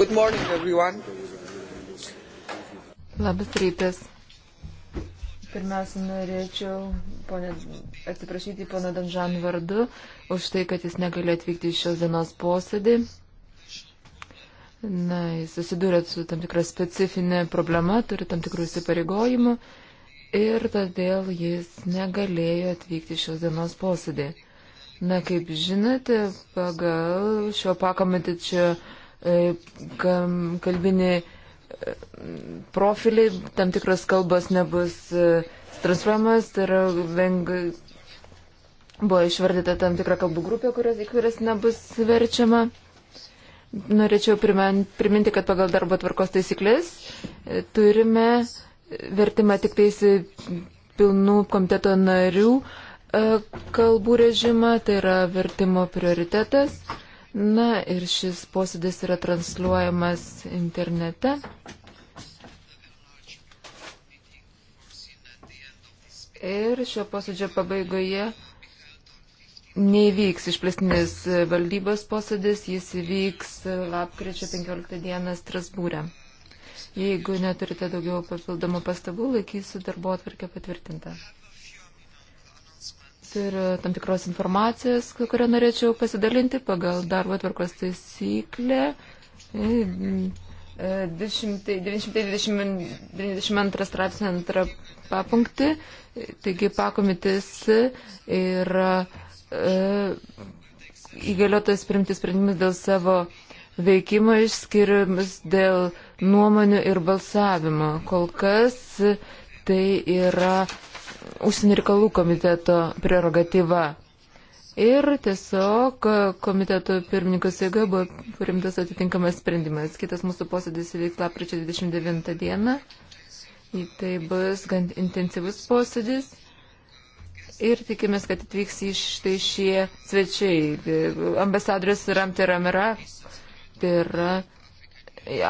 Good morning, everyone. Labas rytas. Pirmiausia, norėčiau ponė, atsiprašyti pono Danžan vardu už tai, kad jis negali atvykti į šios dienos posėdį. Na, jis susidūrė su tam tikra specifinė problema, turi tam tikrų įsipareigojimų ir todėl jis negalėjo atvykti į šios dienos posėdį. Na, kaip žinote, pagal šio pakomitečio e, kalbinį e, profilį tam tikros kalbos nebus e, transformas, tai yra veng... buvo išvardyta tam tikra kalbų grupė, kurios, į kurias nebus verčiama. Norėčiau priminti, kad pagal darbo tvarkos taisyklės turime vertimą tik tais pilnų komiteto narių E, kalbų režimą, tai yra vertimo prioritetas. Na ir šis posėdis yra transliuojamas internete. Ir šio posėdžio pabaigoje neįvyks išplėstinės valdybos posėdis, jis įvyks lapkričio 15 dieną Strasbūrė. Jeigu neturite daugiau papildomų pastabų, laikysiu darbo atvarkę patvirtintą ir tam tikros informacijos, kurią norėčiau pasidalinti pagal darbo tvarkos taisyklę. 922 e, e, straipsnio antrą papunkti, taigi pakomitis ir e, įgaliotas primti sprendimus dėl savo veikimo išskiriamas dėl nuomonių ir balsavimo. Kol kas tai yra užsienio reikalų komiteto prerogatyva. Ir tiesiog komiteto pirmininkas jėga buvo priimtas atitinkamas sprendimas. Kitas mūsų posėdis įvyks lapkričio 29 dieną. Tai bus gan intensyvus posėdis. Ir tikimės, kad atvyks iš tai šie svečiai. Ambasadorius Ramti Ramira, tai yra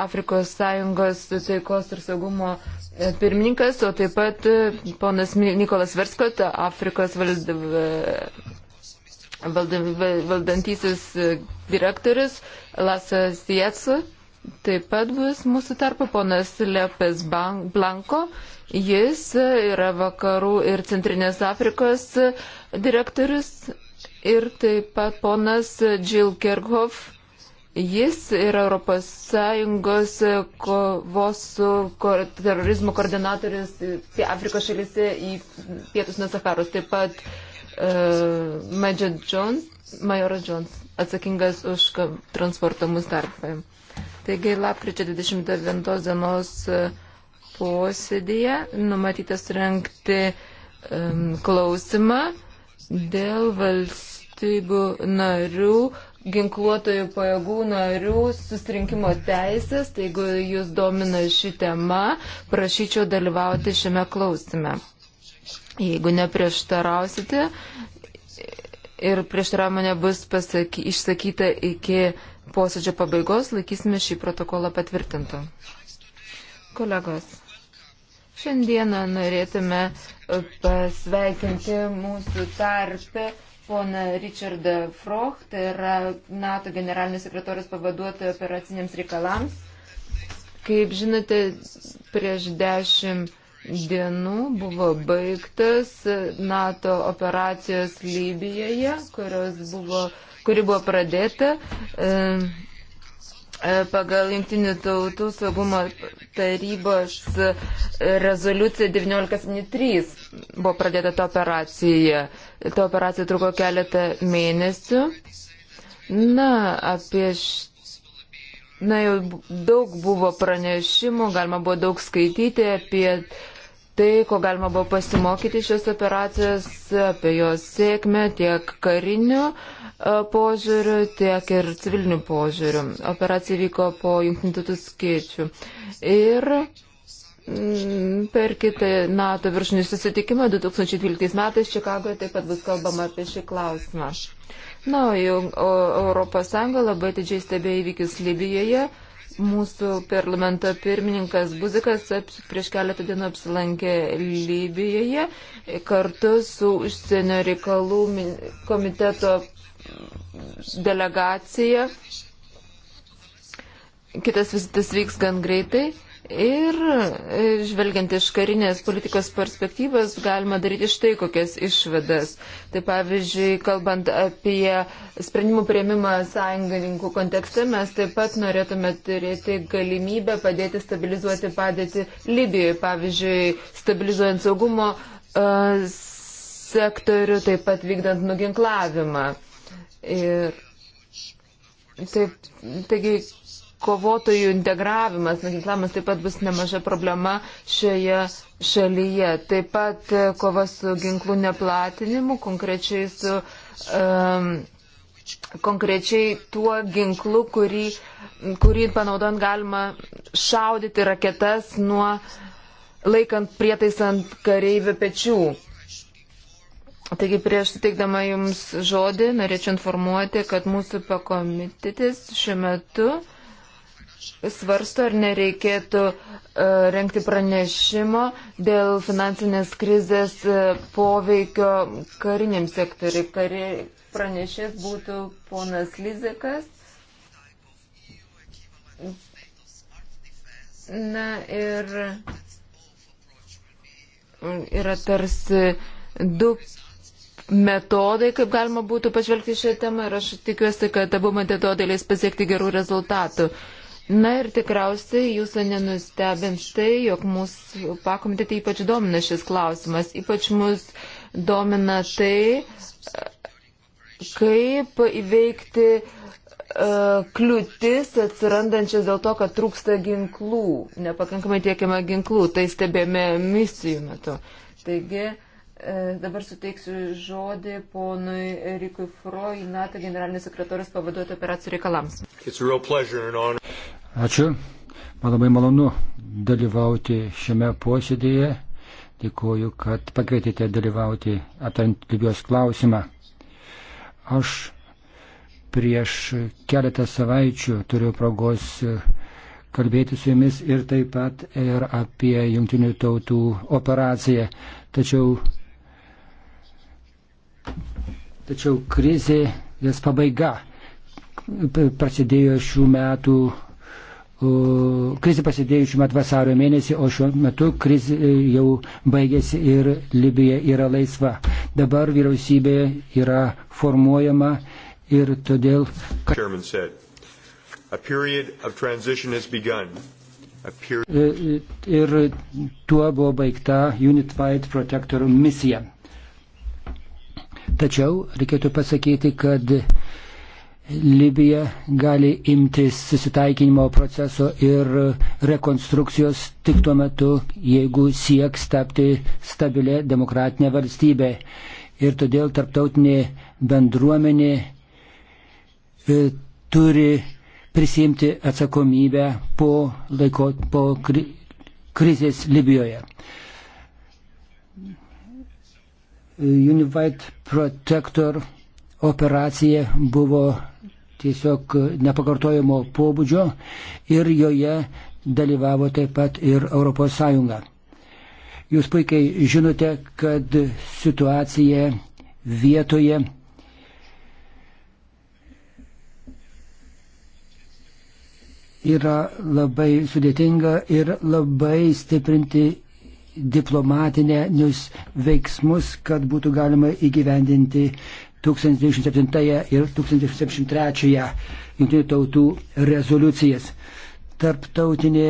Afrikos Sąjungos taikos ir saugumo pirmininkas, o taip pat e, ponas Nikolas Verskot, Afrikos vald... Vald... valdantysis e, direktorius, Lasas Jėtsu. Taip pat bus mūsų tarpo ponas Lepes Blanko. Jis e, yra vakarų ir centrinės Afrikos direktorius. Ir taip pat ponas Jill Kerghoff Jis yra ES kovos su terorizmu koordinatorius Afrikos šalyse į pietus nuo Saharos. Taip pat uh, Major Jones, Majoras Jones atsakingas už transportą mus darbą. Taigi lapkričio 29 dienos e, posėdėje numatytas rengti um, klausimą dėl valstybių narių ginkluotojų pajėgų narių susirinkimo teisės. Tai jeigu jūs domina ši tema, prašyčiau dalyvauti šiame klausime. Jeigu neprieštarausite ir prieštaravimo nebus pasaky, išsakyta iki posėdžio pabaigos, laikysime šį protokolą patvirtintų. Kolegos, šiandieną norėtume pasveikinti mūsų tarpę poną Richardą Froch, tai yra NATO generalinis sekretorius pavaduotojo operaciniams reikalams. Kaip žinote, prieš dešimt dienų buvo baigtas NATO operacijos Libijoje, kurios buvo, kuri buvo pradėta. E, E, pagal Junktinių tautų saugumo tarybos rezoliuciją 1973 buvo pradėta ta operacija. Ta operacija truko keletą mėnesių. Na, apie š... Na, jau daug buvo pranešimų, galima buvo daug skaityti apie tai, ko galima buvo pasimokyti šios operacijos, apie jos sėkmę tiek kariniu požiūriu, tiek ir civiliniu požiūriu. Operacija vyko po jungtinių tautų skaičių. Ir mm, per kitą NATO viršinių susitikimą 2012 metais Čikagoje taip pat bus kalbama apie šį klausimą. Na, jau ES labai didžiai stebėjo įvykius Libijoje. Mūsų parlamento pirmininkas Buzikas prieš keletą dienų apsilankė Libijoje kartu su užsienio reikalų komiteto delegacija. Kitas vizitas vyks gan greitai. Ir e, žvelgiant iš karinės politikos perspektyvas, galima daryti štai kokias išvadas. Tai pavyzdžiui, kalbant apie sprendimų prieimimą sąjungininkų kontekste, mes taip pat norėtume turėti galimybę padėti stabilizuoti padėtį Libijoje. Pavyzdžiui, stabilizuojant saugumo uh, sektorių, taip pat vykdant nuginklavimą. Uh, Ir taip, taigi kovotojų integravimas, nuginklamas taip pat bus nemaža problema šioje šalyje. Taip pat e, kova su ginklų neplatinimu, konkrečiai su. Um, Konkrečiai tuo ginklu, kurį, kurį panaudojant galima šaudyti raketas nuo laikant prietaisą ant kareivių pečių. Taigi prieš suteikdama Jums žodį norėčiau informuoti, kad mūsų pakomitetis šiuo metu svarsto, ar nereikėtų e, renkti pranešimo dėl finansinės krizės e, poveikio kariniam sektoriui. Kari pranešės būtų ponas Lizikas. Na ir yra tarsi du metodai, kaip galima būtų pažvelgti šią temą ir aš tikiuosi, kad abu metodai leis pasiekti gerų rezultatų. Na ir tikriausiai jūsų nenustebins tai, jog mūsų pakomitėtai ypač domina šis klausimas. Ypač mus domina tai, kaip įveikti uh, kliūtis atsirandančias dėl to, kad trūksta ginklų, nepakankamai tiekiama ginklų, tai stebėjome misijų metu. Taigi, uh, E, dabar suteiksiu žodį ponui Rikui Froj, NATO generalinis sekretorius pavaduotojų operacijų reikalams. Ačiū. Man labai malonu dalyvauti šiame posėdėje. Dėkuoju, kad pakvietėte dalyvauti aptarant Libijos klausimą. Aš prieš keletą savaičių turiu progos kalbėti su jumis ir taip pat ir apie jungtinių tautų operaciją. Tačiau Tačiau krizė, jas pabaiga prasidėjo šių metų. Krizė prasidėjo šiuo metu vasario mėnesį, o šiuo metu krizė jau baigėsi ir Libija yra laisva. Dabar vyriausybė yra formuojama ir todėl. Kad... E, e, ir tuo buvo baigta Unified Protector misija. Tačiau reikėtų pasakyti, kad Libija gali imtis susitaikinimo proceso ir rekonstrukcijos tik tuo metu, jeigu sieks tapti stabilę demokratinę valstybę. Ir todėl tarptautinė bendruomenė e, turi prisimti atsakomybę po, laiko, po kri, krizės Libijoje. Unified Protector operacija buvo tiesiog nepakartojimo pobūdžio ir joje dalyvavo taip pat ir ES. Jūs puikiai žinote, kad situacija vietoje yra labai sudėtinga ir labai stiprinti diplomatinės veiksmus, kad būtų galima įgyvendinti 1907 ir 1973 jungtinių tautų rezoliucijas. Tarptautinė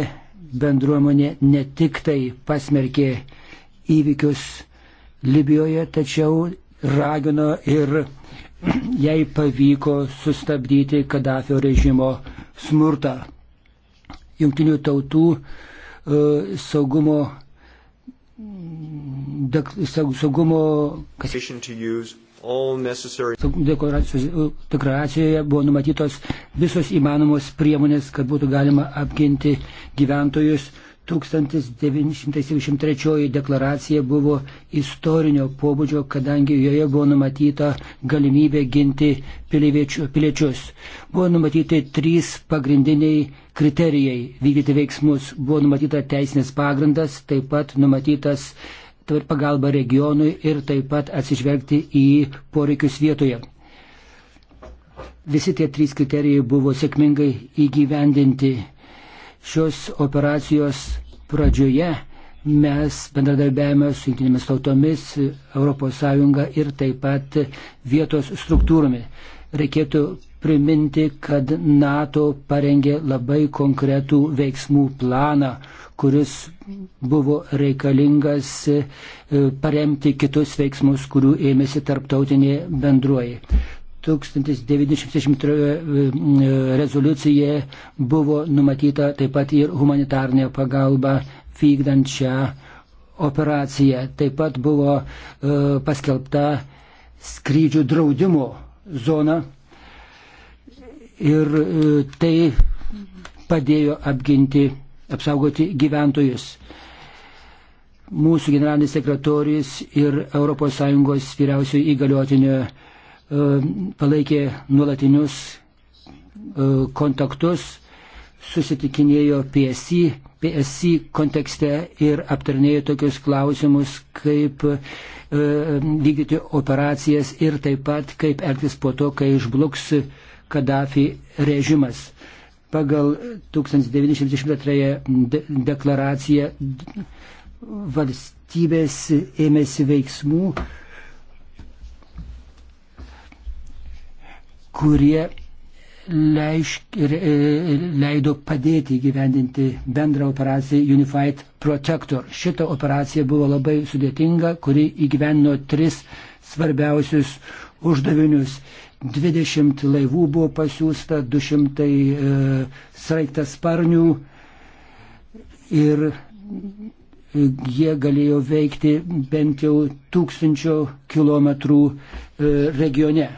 bendruomenė ne tik tai pasmerkė įvykius Libijoje, tačiau ragino ir jai pavyko sustabdyti Kadafio režimo smurtą. Jungtinių tautų e, saugumo saugumo deklaracijoje buvo numatytos visos įmanomos priemonės, kad būtų galima apginti gyventojus. 1973 deklaracija buvo istorinio pobūdžio, kadangi joje buvo numatyta galimybė ginti piliečius. Buvo numatyti trys pagrindiniai kriterijai vykdyti veiksmus, buvo numatyta teisinis pagrindas, taip pat numatytas pagalba regionui ir taip pat atsižvelgti į poreikius vietoje. Visi tie trys kriterijai buvo sėkmingai įgyvendinti. Šios operacijos pradžioje mes bendradarbiavome su jungtinėmis tautomis, ES ir taip pat vietos struktūromis reikėtų priminti, kad NATO parengė labai konkretų veiksmų planą, kuris buvo reikalingas e, paremti kitus veiksmus, kurių ėmėsi tarptautinė bendruoji. 1963 e, e, rezoliucija buvo numatyta taip pat ir humanitarnė pagalba vykdančią operaciją. Taip pat buvo paskelbta skrydžių draudimo zoną ir e, tai padėjo apginti, apsaugoti gyventojus. Mūsų generalinis sekretorius ir ES vyriausiojo įgaliotinio e, palaikė nuolatinius e, kontaktus, susitikinėjo PSI PSC kontekste ir aptarnėjo tokius klausimus, kaip e, vykdyti operacijas ir taip pat kaip elgtis po to, kai išbluks Kadafi režimas. Pagal 1993 deklaraciją valstybės ėmėsi veiksmų, kurie leišk, e, leido padėti gyvendinti bendrą operaciją Unified Protector. Šita operacija buvo labai sudėtinga, kuri įgyvendino tris svarbiausius uždavinius. 20 laivų buvo pasiūsta, 200 e, sraigtas sparnių ir jie galėjo veikti bent jau tūkstančio kilometrų e, regione.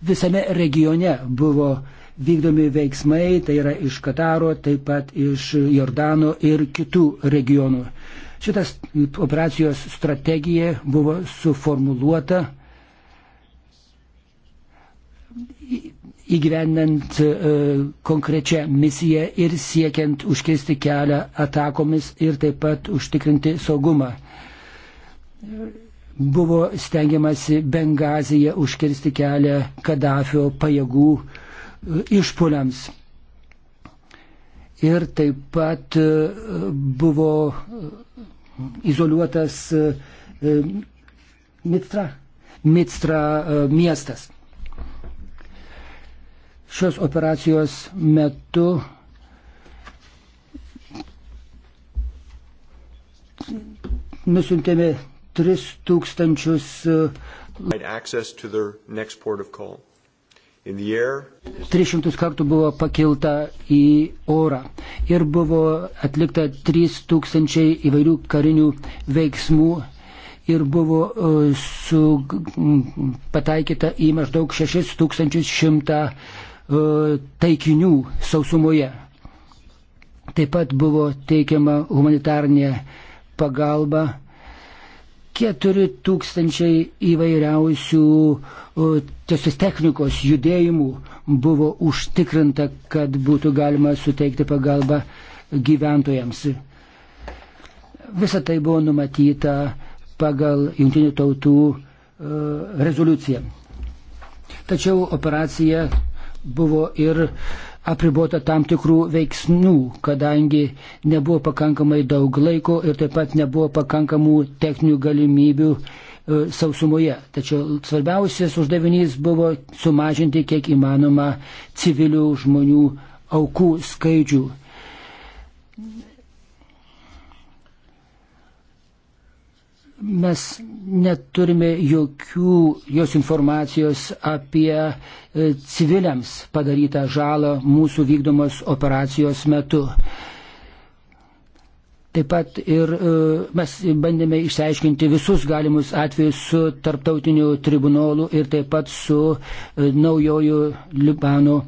visame regione buvo vykdomi veiksmai, tai yra iš Kataro, taip pat iš Jordano ir kitų regionų. Šitas operacijos strategija buvo suformuluota įgyvendant e, konkrečią misiją ir siekiant užkirsti kelią atakomis ir taip pat užtikrinti saugumą buvo stengiamasi Bengazija užkirsti kelią Kadafio pajėgų e, išpoliams. Ir taip pat e, buvo e, izoliuotas Mitra, Mitra miestas. Šios operacijos metu nusintėme 3000 300 e, kartų buvo pakilta į orą ir buvo atlikta 3000 įvairių karinių veiksmų ir buvo e, su, pataikyta į maždaug 6100 e, taikinių sausumoje. Taip pat buvo teikiama humanitarnė pagalba 4000 įvairiausių tiesos technikos judėjimų buvo užtikrinta, kad būtų galima suteikti pagalbą gyventojams. Visa tai buvo numatyta pagal Junktinių tautų rezoliuciją. Tačiau operacija buvo ir uh, apribota tam tikrų veiksmų, kadangi nebuvo pakankamai daug laiko ir taip pat nebuvo pakankamų techninių galimybių e, sausumoje. Tačiau svarbiausias uždavinys buvo sumažinti kiek įmanoma civilių žmonių aukų skaičių. Mes neturime jokių jos informacijos apie e, civiliams padarytą žalą mūsų vykdomos operacijos metu. Taip pat ir e, mes bandėme išsiaiškinti visus galimus atvejus su tarptautiniu tribunolu ir taip pat su e, naujoju Libano.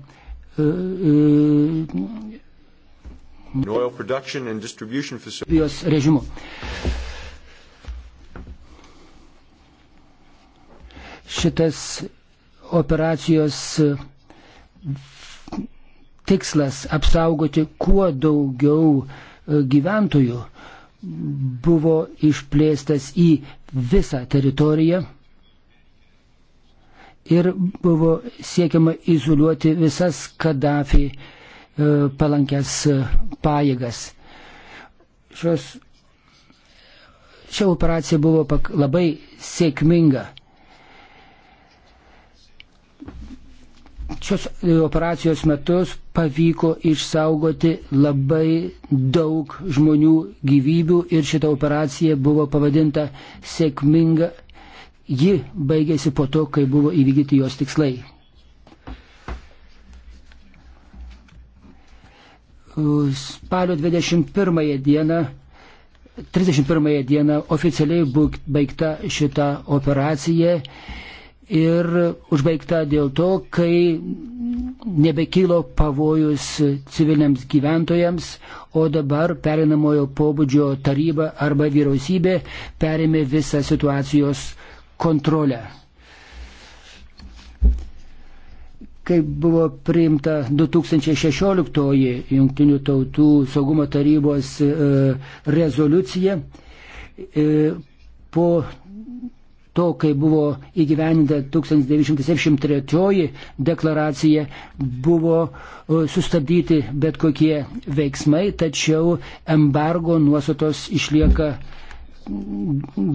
Jos režimu. šitas operacijos tikslas apsaugoti kuo daugiau e, gyventojų buvo išplėstas į visą teritoriją ir buvo siekiama izoliuoti visas Kadafi e, palankęs e, pajėgas. Šios, šia operacija buvo pak, labai sėkminga. šios e, operacijos metus pavyko išsaugoti labai daug žmonių gyvybių ir šita operacija buvo pavadinta sėkminga. Ji baigėsi po to, kai buvo įvykdyti jos tikslai. Spalio 21 dieną 31 dieną oficialiai baigta šita operacija ir užbaigta dėl to, kai nebekylo pavojus civiliams gyventojams, o dabar perinamojo pobūdžio taryba arba vyriausybė perėmė visą situacijos kontrolę. Kaip buvo priimta 2016-oji Junktinių tautų saugumo tarybos e, rezoliucija, e, po to, kai buvo įgyveninta 1973 deklaracija, buvo sustabdyti bet kokie veiksmai, tačiau embargo nuostatos išlieka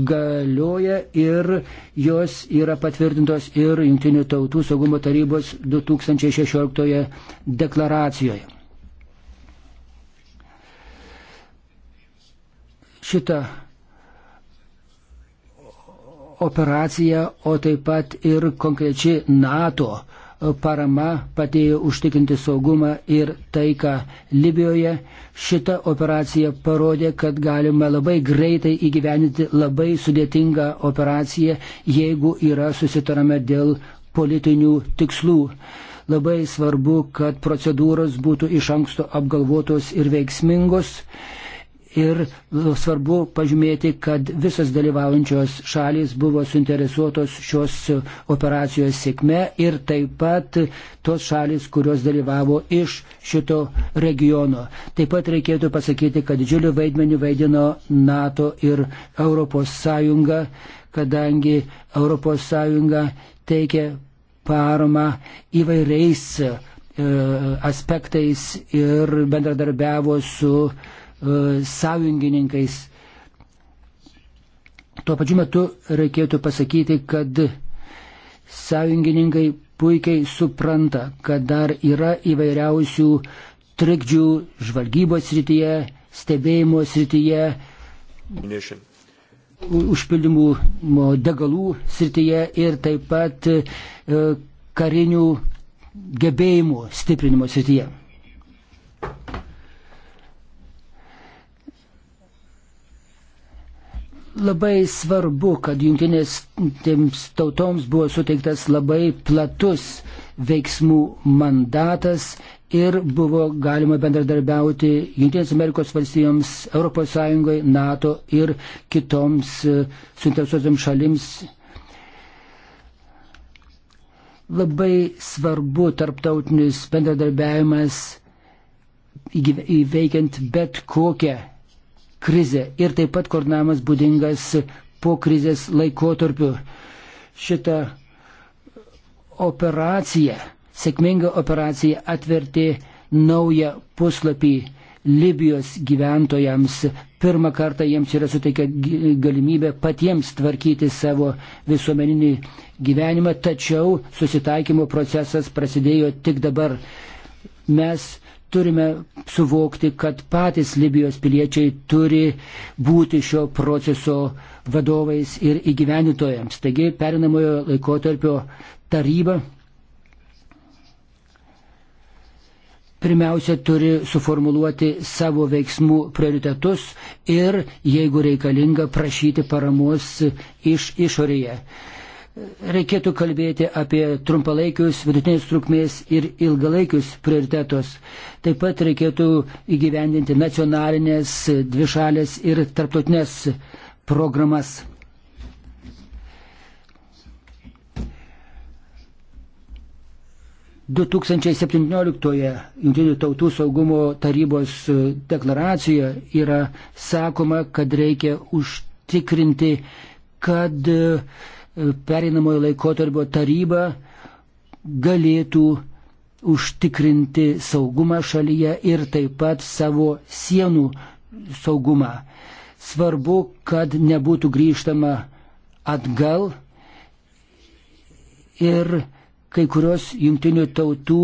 galioja ir jos yra patvirtintos ir Junktinių tautų saugumo tarybos 2016 deklaracijoje. Šita operacija, o taip pat ir konkrečiai NATO parama padėjo užtikrinti saugumą ir taiką Libijoje. Šita operacija parodė, kad galima labai greitai įgyveninti labai sudėtingą operaciją, jeigu yra susitarame dėl politinių tikslų. Labai svarbu, kad procedūros būtų iš anksto apgalvotos ir veiksmingos ir e, svarbu pažymėti, kad visas dalyvaujančios šalis buvo suinteresuotos šios e, operacijos sėkme ir taip pat tos šalis, kurios dalyvavo iš šito regiono. Taip pat reikėtų pasakyti, kad didžiulį vaidmenį vaidino NATO ir ES, kadangi ES teikia paramą įvairiais e, aspektais ir bendradarbiavo su uh, E, sąjungininkais. Tuo pačiu metu reikėtų pasakyti, kad sąjungininkai puikiai supranta, kad dar yra įvairiausių trikdžių žvalgybos srityje, stebėjimo srityje, užpildymų degalų srityje ir taip pat e, karinių gebėjimų stiprinimo srityje. Labai svarbu, kad jungtinėms tautoms buvo suteiktas labai platus veiksmų mandatas ir buvo galima bendradarbiauti Junktinės Amerikos valstijoms, ES, NATO ir kitoms e, suinteresuotams šalims. Labai svarbu tarptautinis bendradarbiavimas įveikiant bet kokią krizę ir taip pat koordinavimas būdingas po krizės laikotarpiu. Šitą operaciją, sėkmingą operaciją atvertė naują puslapį Libijos gyventojams. Pirmą kartą jiems yra suteikia galimybė patiems tvarkyti savo visuomeninį gyvenimą, tačiau susitaikymo procesas prasidėjo tik dabar. Mes turime suvokti, kad patys Libijos piliečiai turi būti šio proceso vadovais ir įgyvenitojams. Taigi perinamojo laikotarpio taryba pirmiausia turi suformuluoti savo veiksmų prioritetus ir, jeigu reikalinga, prašyti paramos iš išorėje reikėtų kalbėti apie trumpalaikius, vidutinės trukmės ir ilgalaikius prioritetus. Taip pat reikėtų įgyvendinti nacionalinės, dvišalės ir tarptautinės programas. Junktinių tautų saugumo tarybos deklaracijoje yra sakoma, kad reikia užtikrinti, kad uh, pereinamojo laikotarpio taryba galėtų užtikrinti saugumą šalyje ir taip pat savo sienų saugumą. Svarbu, kad nebūtų grįžtama atgal ir kai kurios jungtinių tautų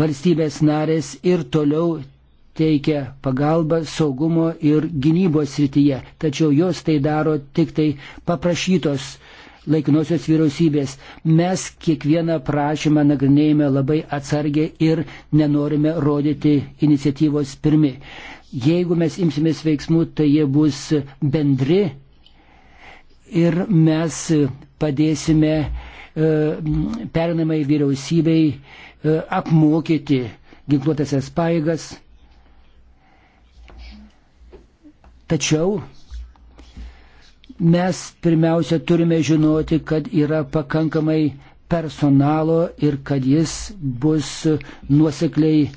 valstybės narės ir toliau teikia pagalbą saugumo ir gynybos srityje, tačiau jos tai daro tik tai paprašytos uh, laikinosios vyriausybės. Mes kiekvieną prašymą nagrinėjame labai atsargiai ir nenorime rodyti iniciatyvos pirmi. Jeigu mes imsimės veiksmų, tai jie bus bendri ir mes padėsime e, perinamai vyriausybei e, apmokyti ginkluotasias paėgas. Tačiau Mes pirmiausia turime žinoti, kad yra pakankamai personalo ir kad jis bus nuosekliai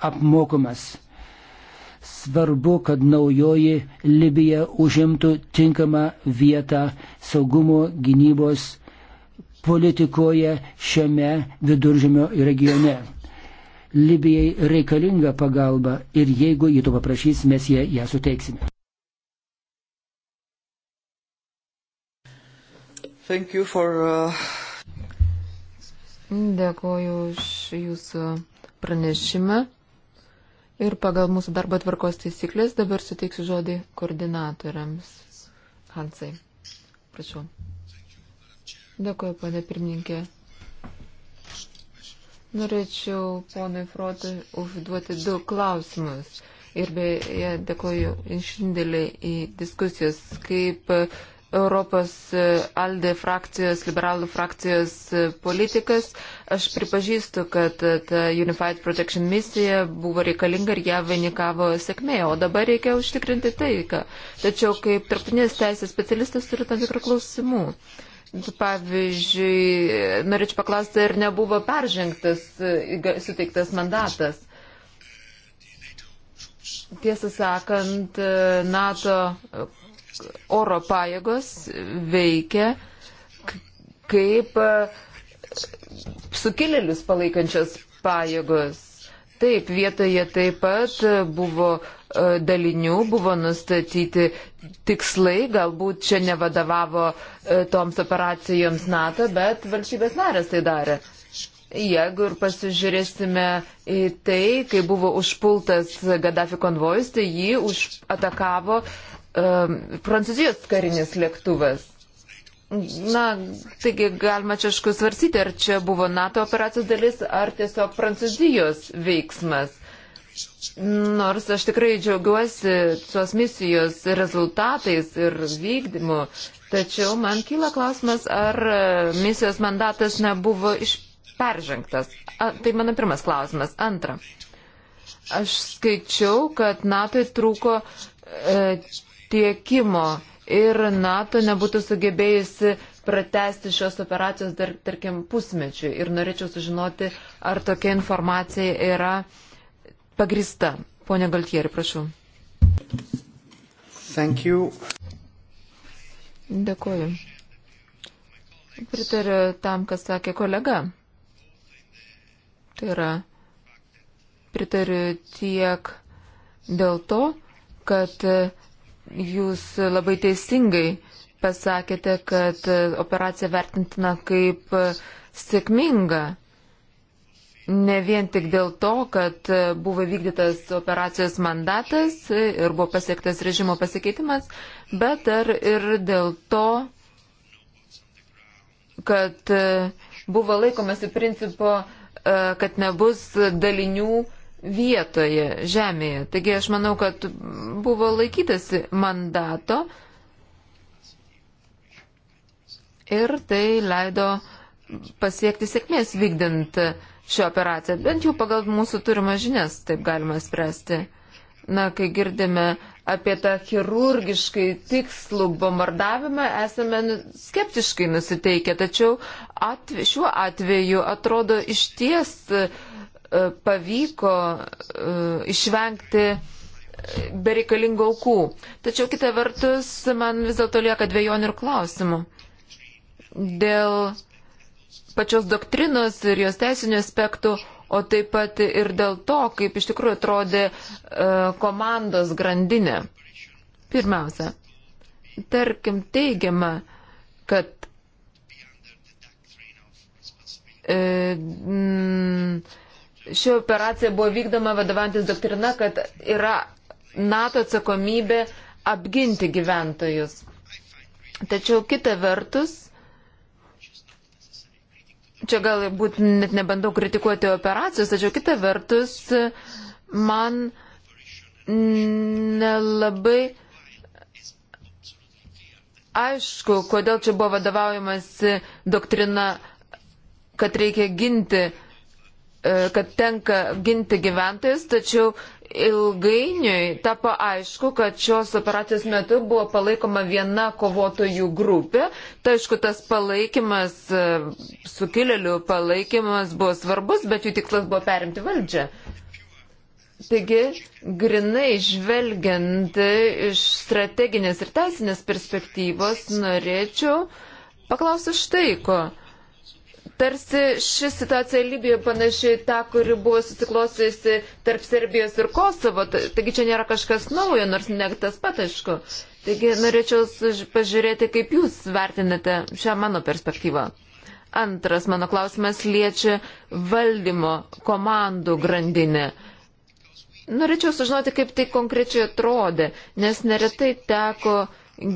apmokomas. Svarbu, kad naujoji Libija užimtų tinkamą vietą saugumo gynybos politikoje šiame viduržėmio regione. Libijai reikalinga pagalba ir jeigu jį to paprašys, mes ją, ją suteiksime. Thank you for. Uh... Dėkoju už jūsų pranešimą. Ir pagal mūsų darbo tvarkos taisyklės dabar suteiksiu žodį koordinatoriams. Hansai, prašau. Dėkoju, ponė pirmininkė. Norėčiau ponui Frotui užduoti du klausimus. Ir beje, dėkoju išindėlį į diskusijas, kaip Europos e, Alde frakcijos, liberalų frakcijos e, politikas. Aš pripažįstu, kad e, ta Unified Protection misija buvo reikalinga ir ją vainikavo sėkmė, o dabar reikia užtikrinti taiką. Tačiau kaip tarptinės teisės specialistas turiu tam tikrų klausimų. Pavyzdžiui, norėčiau paklausti, ar nebuvo peržengtas suteiktas mandatas. Tiesą sakant, NATO oro pajėgos veikia kaip e, sukilėlius palaikančios pajėgos. Taip, vietoje taip pat buvo e, dalinių, buvo nustatyti tikslai, galbūt čia nevadovavo e, toms operacijoms NATO, bet valstybės narės tai darė. Jeigu ir pasižiūrėsime į tai, kai buvo užpultas Gaddafi konvojus, tai jį už atakavo um, Prancūzijos karinis lėktuvas. Na, taigi galima čia aišku svarsyti, ar čia buvo NATO operacijos dalis, ar tiesiog Prancūzijos veiksmas. Nors aš tikrai džiaugiuosi tos misijos rezultatais ir vykdymu, tačiau man kyla klausimas, ar e, misijos mandatas nebuvo iš peržengtas. A, tai mano pirmas klausimas. Antra. Aš skaičiau, kad NATO trūko e, tiekimo ir NATO nebūtų sugebėjusi pratesti šios operacijos dar, tarkim, pusmečiui. Ir norėčiau sužinoti, ar tokia informacija yra pagrista. Pone Galtieri, prašau. Thank you. Dėkuoju. Pritariu tam, kas sakė kolega. Tai yra, pritariu tiek dėl to, kad Jūs labai teisingai pasakėte, kad operacija vertintina kaip sėkminga. Ne vien tik dėl to, kad buvo vykdytas operacijos mandatas ir buvo pasiektas režimo pasikeitimas, bet ar ir dėl to, kad buvo laikomasi principo, kad nebus dalinių vietoje, žemėje. Taigi aš manau, kad buvo laikytasi mandato ir tai leido pasiekti sėkmės vykdant šią operaciją. Bent jau pagal mūsų turimas žinias taip galima spręsti. Na, kai girdime apie tą chirurgiškai tikslų bombardavimą, esame nu- skeptiškai nusiteikę, tačiau atve, šiuo atveju atrodo iš ties uh, E, pavyko e, išvengti bereikalingų aukų. Tačiau kita vertus, man vis dėlto lieka dviejonių ir klausimų. Dėl pačios doktrinos ir jos teisinių aspektų, o taip pat ir dėl to, kaip iš tikrųjų atrodė e, komandos grandinė. Pirmiausia, tarkim teigiama, kad e, m, ši operacija buvo vykdoma vadovantis doktrina, kad yra NATO atsakomybė apginti gyventojus. Tačiau kita vertus, čia galbūt net nebandau kritikuoti operacijos, tačiau kita vertus, man nelabai aišku, kodėl čia buvo vadovaujamas doktrina, kad reikia ginti E, kad tenka ginti gyventojus, tačiau ilgainiui tapo aišku, kad šios operacijos metu buvo palaikoma viena kovotojų grupė. Tai aišku, tas palaikymas, e, sukilėlių palaikymas buvo svarbus, bet jų tikslas buvo perimti valdžią. Taigi, grinai žvelgiant iš strateginės ir teisinės perspektyvos, norėčiau paklausyti štai ko. Tarsi ši situacija Libijoje panaši ta, kuri buvo susiklosusi tarp Serbijos ir Kosovo. Taigi čia nėra kažkas naujo, nors ne tas pat aišku. Taigi norėčiau pažiūrėti, kaip jūs vertinate šią mano perspektyvą. Antras mano klausimas liečia valdymo komandų grandinę. Norėčiau sužinoti, kaip tai konkrečiai atrodė, nes neretai teko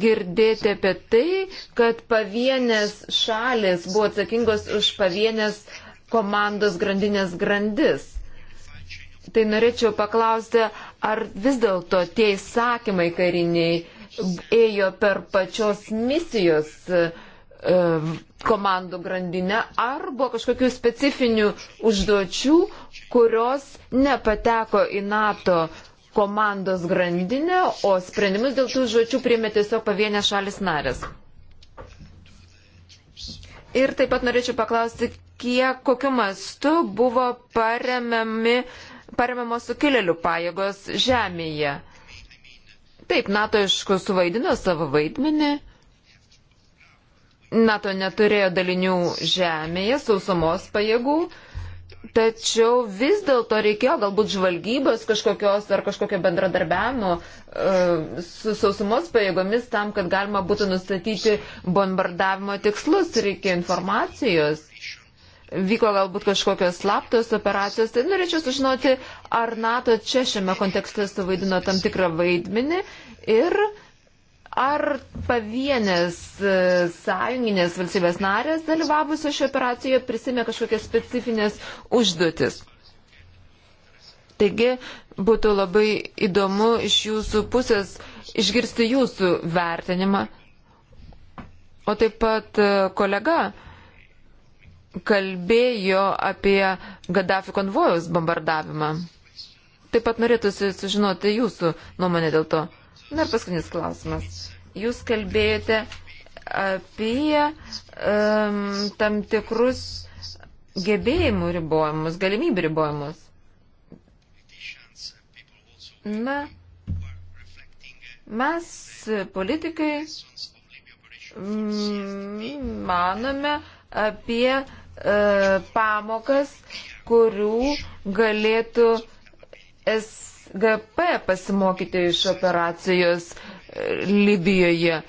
girdėti apie tai, kad pavienės šalis buvo atsakingos už pavienės komandos grandinės grandis. Tai norėčiau paklausti, ar vis dėlto tie įsakymai kariniai ėjo per pačios misijos e, komandų grandinę, ar buvo kažkokių specifinių užduočių, kurios nepateko į NATO komandos grandinę, o sprendimus dėl tų žodžių priėmė tiesiog pavienės šalis narės. Ir taip pat norėčiau paklausti, kiek, kokiu mastu buvo paremiami, paremiamos sukilėlių pajėgos žemėje. Taip, NATO aišku suvaidino savo vaidmenį. NATO neturėjo dalinių žemėje, sausumos pajėgų, Tačiau vis dėlto reikėjo galbūt žvalgybos kažkokios ar kažkokio bendradarbiavimo e, su sausumos pajėgomis tam, kad galima būtų nustatyti bombardavimo tikslus, reikia informacijos. Vyko galbūt kažkokios slaptos operacijos. Tai norėčiau sužinoti, ar NATO čia šiame kontekste suvaidino tam tikrą vaidmenį ir Ar pavienės e, sąjunginės valstybės narės dalyvavusio šioje operacijoje prisimė kažkokias specifines užduotis? Taigi būtų labai įdomu iš jūsų pusės išgirsti jūsų vertinimą. O taip pat e, kolega kalbėjo apie Gaddafi konvojus bombardavimą. Taip pat norėtųsi sužinoti jūsų nuomonę dėl to. Na ir paskutinis klausimas. Jūs kalbėjote apie um, tam tikrus gebėjimų ribojimus, galimybių ribojimus. Na, mes, politikai, mm, manome apie e, pamokas, kurių galėtų es GP pasimokyti iš operacijos e, Libijoje.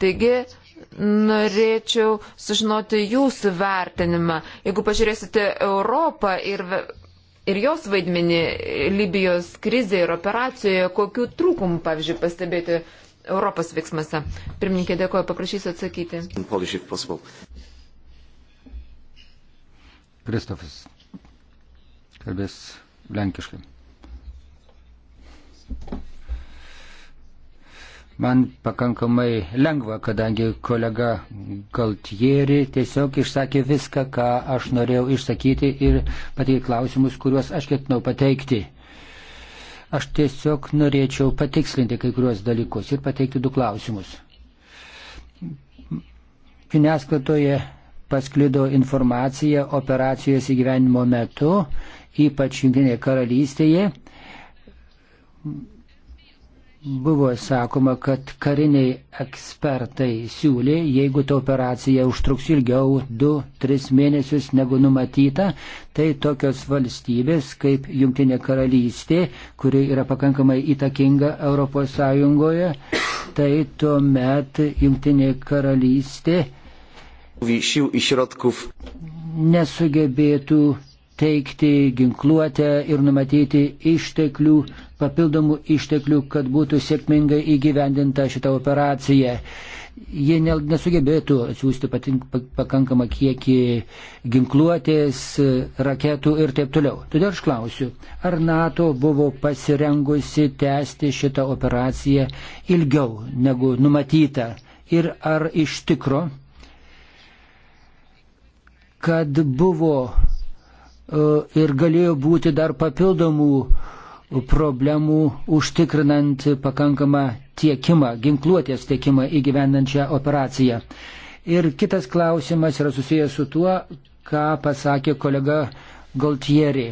Taigi, norėčiau sužinoti jūsų vertinimą. Jeigu pažiūrėsite Europą ir, ir jos vaidmenį Libijos krizėje ir operacijoje, kokiu trūkumu, pavyzdžiui, pastebėti Europos veiksmuose. Pirmininkė, dėkoju, paprašysiu atsakyti. Kristofas kalbės lenkiškai. Man pakankamai lengva, kadangi kolega Galtieri tiesiog išsakė viską, ką aš norėjau išsakyti ir pateikti klausimus, kuriuos aš ketinau pateikti. Aš tiesiog norėčiau patikslinti kai kuriuos dalykus ir pateikti du klausimus. Žiniasklaidoje pasklido informacija operacijos įgyvenimo metu, ypač Junktinėje karalystėje, Buvo sakoma, kad kariniai ekspertai siūlė, jeigu ta operacija užtruks ilgiau 2-3 mėnesius negu numatyta, tai tokios valstybės kaip Junktinė karalystė, kuri yra pakankamai įtakinga ES, tai tuomet Junktinė karalystė nesugebėtų teikti ginkluotę ir numatyti išteklių, papildomų išteklių, kad būtų sėkmingai įgyvendinta šita operacija. Jie nesugebėtų atsiųsti pakankamą kiekį ginkluotės, raketų ir taip toliau. Todėl aš klausiu, ar NATO buvo pasirengusi tęsti šitą operaciją ilgiau negu numatyta ir ar iš tikro, kad buvo E, ir galėjo būti dar papildomų problemų užtikrinant pakankamą tiekimą, ginkluotės tiekimą įgyvendančią operaciją. Ir kitas klausimas yra susijęs su tuo, ką pasakė kolega Galtieri.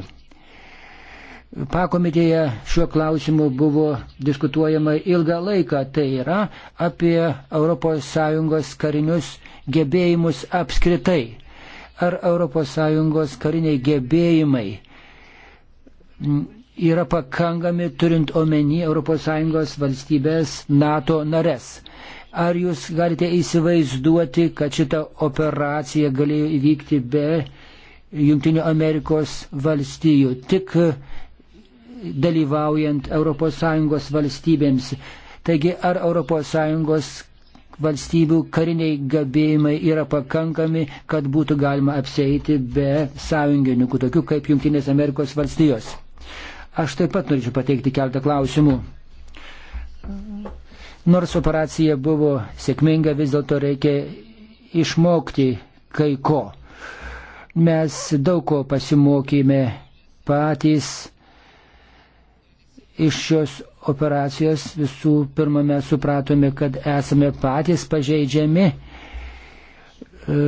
Pakomitėje šiuo klausimu buvo diskutuojama ilgą laiką, tai yra apie ES karinius gebėjimus apskritai ar ES kariniai gebėjimai yra pakankami turint omeny ES valstybės NATO nares. Ar jūs galite įsivaizduoti, kad šita operacija galėjo įvykti be Junktinių Amerikos valstijų, tik dalyvaujant ES valstybėms? Taigi, ar ES valstybių kariniai gabėjimai yra pakankami, kad būtų galima apseiti be sąjungininkų, tokių kaip Junktinės Amerikos valstijos. Aš taip pat norėčiau pateikti keltą klausimų. Nors operacija buvo sėkminga, vis dėlto reikia išmokti kai ko. Mes daug ko pasimokėme patys iš šios operacijos visų pirma mes supratome, kad esame patys pažeidžiami, e,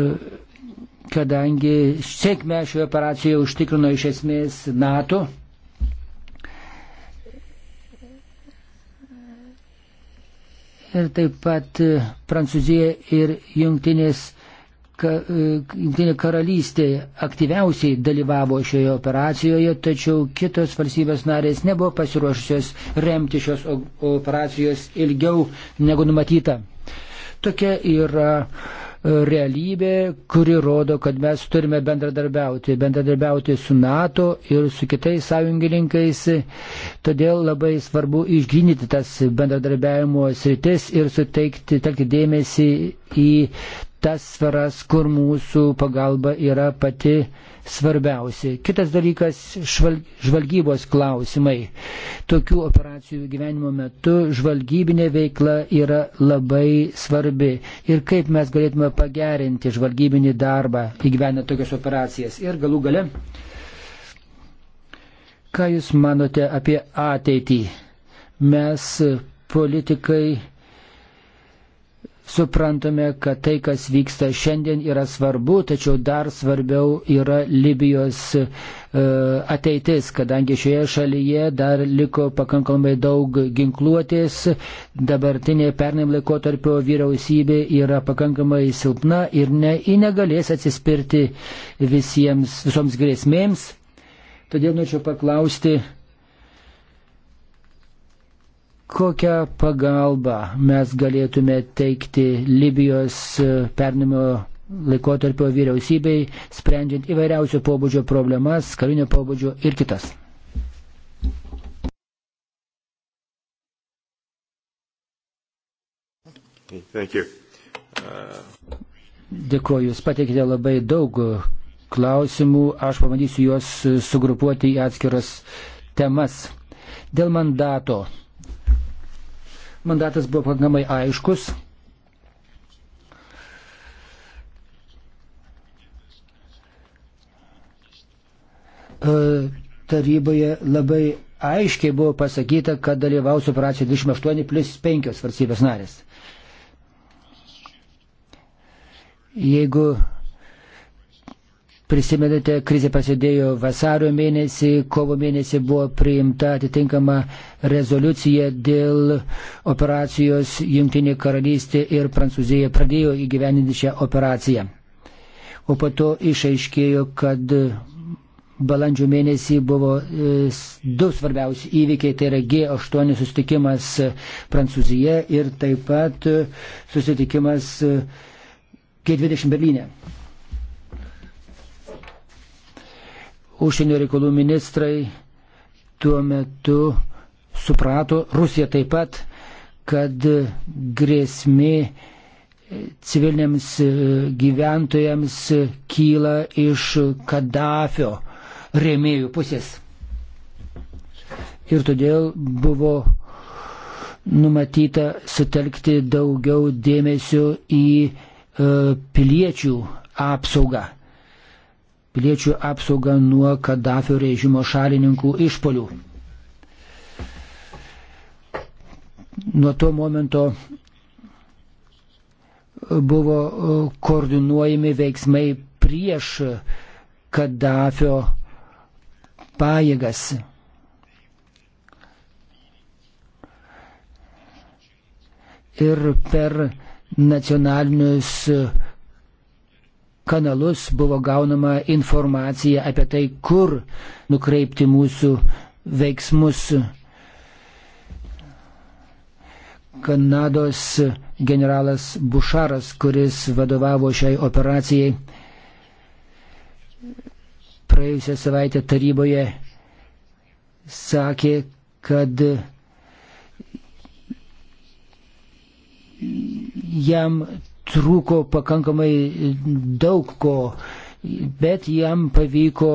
kadangi sėkmę šioje operacijoje užtikrino iš esmės NATO. Ir taip pat Prancūzija ir Jungtinės E, Junktinė karalystė aktyviausiai dalyvavo šioje operacijoje, tačiau kitos valstybės narės nebuvo pasiruošusios remti šios operacijos ilgiau negu numatyta. Tokia yra e, realybė, kuri rodo, kad mes turime bendradarbiauti, bendradarbiauti su NATO ir su kitais sąjungininkais. Todėl labai svarbu išgynyti tas bendradarbiavimo sritis ir suteikti, telkti dėmesį į tas sferas, kur mūsų pagalba yra pati svarbiausia. Kitas dalykas - žvalgybos klausimai. Tokių operacijų gyvenimo metu žvalgybinė veikla yra labai svarbi. Ir kaip mes galėtume pagerinti žvalgybinį darbą įgyvenant tokias operacijas. Ir galų gale, ką Jūs manote apie ateitį? Mes politikai Suprantame, kad tai, kas vyksta šiandien, yra svarbu, tačiau dar svarbiau yra Libijos e, ateitis, kadangi šioje šalyje dar liko pakankamai daug ginkluotės, dabartinė pernėm laikotarpio vyriausybė yra pakankamai silpna ir ne, negalės atsispirti visiems, visoms grėsmėms. Todėl norėčiau paklausti, Kokią pagalbą mes galėtume teikti Libijos e, pernimo laikotarpio vyriausybei, sprendžiant įvairiausio pobūdžio problemas, karinio pobūdžio ir kitas? Uh... Dėkuoju, jūs pateikite labai daug klausimų, aš pamatysiu juos sugrupuoti į atskiras temas. Dėl mandato Mandatas buvo pakankamai aiškus. E, taryboje labai aiškiai buvo pasakyta, kad dalyvaus operacija 28 plus 5 valstybės narės. Jeigu Prisimenate, krizė prasidėjo vasario mėnesį, kovo mėnesį buvo priimta atitinkama rezoliucija dėl operacijos Junktinė karalystė ir Prancūzija pradėjo įgyveninti šią operaciją. O po to išaiškėjo, kad balandžio mėnesį buvo e, du svarbiausi įvykiai, tai yra G8 susitikimas Prancūzija ir taip pat e, susitikimas e, G20 Berlyne. užsienio reikalų ministrai tuo metu suprato, Rusija taip pat, kad grėsmi civiliniams gyventojams kyla iš Kadafio rėmėjų pusės. Ir todėl buvo numatyta sutelkti daugiau dėmesio į e, piliečių apsaugą piliečių apsaugą nuo Kadafio režimo šalininkų išpolių. Nuo to momento buvo e, koordinuojami veiksmai prieš Kadafio pajėgas. Ir per nacionalinius uh, kanalus buvo gaunama informacija apie tai, kur nukreipti mūsų veiksmus. Kanados generalas Bušaras, kuris vadovavo šiai operacijai, praėjusią savaitę taryboje sakė, kad jam trūko pakankamai daug ko, bet jam pavyko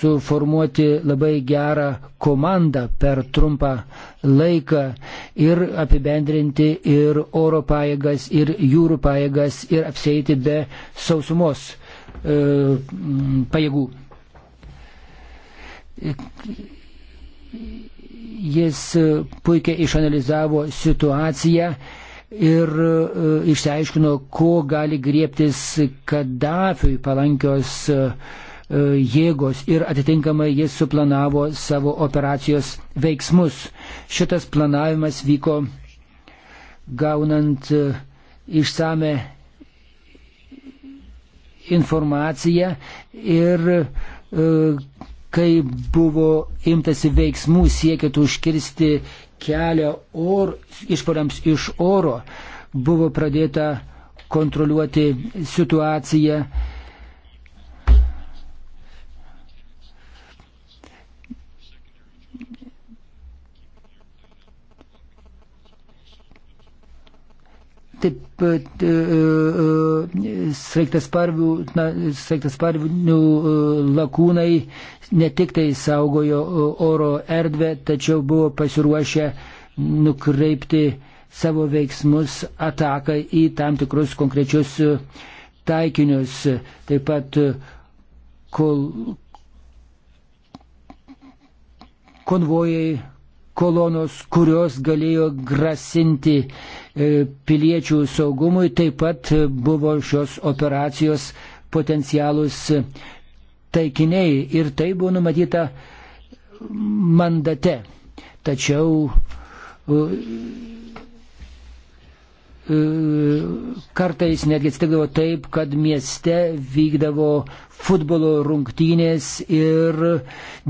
suformuoti labai gerą komandą per trumpą laiką ir apibendrinti ir oro pajėgas, ir jūrų pajėgas, ir apseiti be sausumos e, pajėgų jis puikiai išanalizavo situaciją ir e, išsiaiškino, ko gali griebtis Kadafiui palankios e, e, jėgos ir atitinkamai jis suplanavo savo operacijos veiksmus. Šitas planavimas vyko gaunant išsame informaciją ir kai buvo imtasi veiksmų siekėt užkirsti kelią or, išpoliams iš oro buvo pradėta kontroliuoti situaciją Taip pat e, e, sraigtasparvių e, lakūnai ne tik tai saugojo oro erdvę, tačiau buvo pasiruošę nukreipti savo veiksmus ataką į tam tikrus konkrečius taikinius. Taip pat kol konvojai kolonos, kurios galėjo grasinti e, piliečių saugumui, taip pat e, buvo šios operacijos potencialus taikiniai ir tai buvo numatyta mandate. Tačiau e, E, kartais netgi atsitikdavo taip, kad mieste vykdavo futbolo rungtynės ir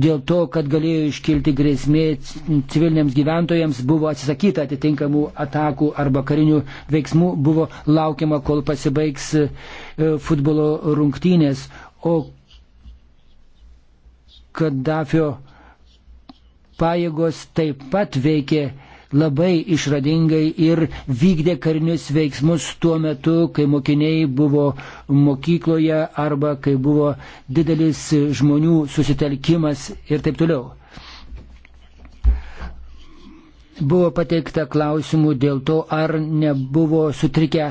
dėl to, kad galėjo iškilti grėsmė civiliniams gyventojams, buvo atsisakyta atitinkamų atakų arba karinių veiksmų, buvo laukiama, kol pasibaigs e, futbolo rungtynės. O Kaddafio pajėgos taip pat veikė labai išradingai ir vykdė karinius veiksmus tuo metu, kai mokiniai buvo mokykloje arba kai buvo didelis žmonių susitelkimas ir taip toliau. Buvo pateikta klausimų dėl to, ar nebuvo sutrikę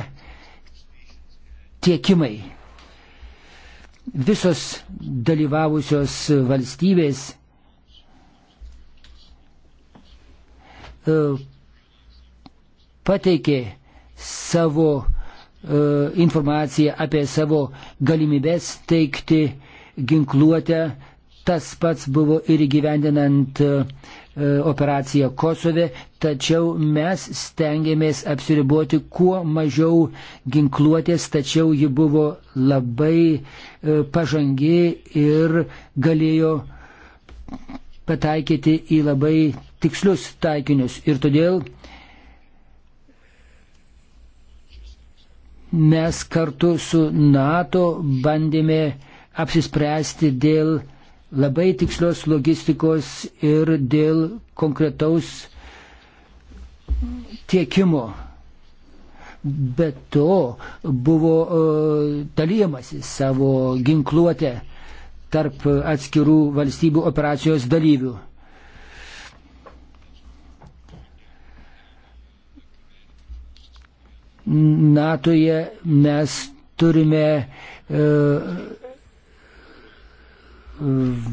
tiekimai. Visos dalyvavusios valstybės E, pateikė savo e, informaciją apie savo galimybės teikti ginkluotę. Tas pats buvo ir gyvendinant e, operaciją Kosove, tačiau mes stengiamės apsiriboti kuo mažiau ginkluotės, tačiau ji buvo labai pažangi ir galėjo pataikyti į labai tikslius taikinius. Ir todėl mes kartu su NATO bandėme apsispręsti dėl labai tikslios logistikos ir dėl konkretaus tiekimo. Be to buvo e, dalyjamasi savo ginkluotę tarp atskirų valstybių operacijos dalyvių. NATOje mes turime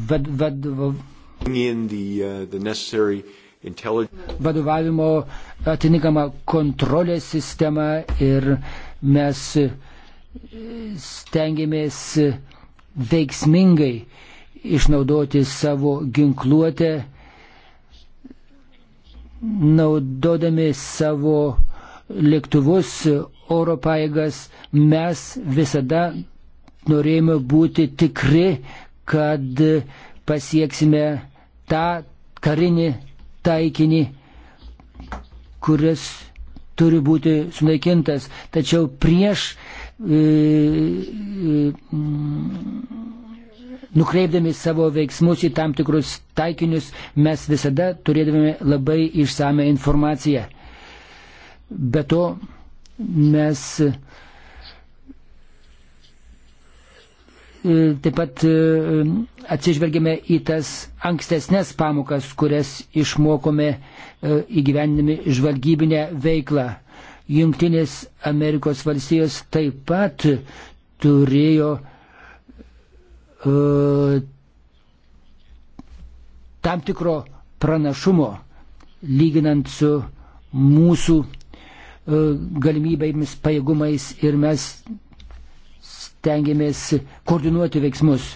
vad, vad, vadovavimo atitinkamą kontrolės sistemą ir mes stengiamės veiksmingai išnaudoti savo ginkluotę, naudodami savo lėktuvus, oro paėgas, mes visada norėjome būti tikri, kad pasieksime tą karinį taikinį, kuris turi būti sunaikintas. Tačiau prieš e, e, nukreipdami savo veiksmus į tam tikrus taikinius, mes visada turėdavome labai išsame informaciją. Be to mes e, taip pat e, atsižvelgėme į tas ankstesnės pamokas, kurias išmokome e, įgyvendami žvalgybinę veiklą. Junktinės Amerikos valstijos taip pat turėjo uh, tam tikro pranašumo lyginant su mūsų E, galimybėmis, pajėgumais ir mes stengiamės koordinuoti veiksmus.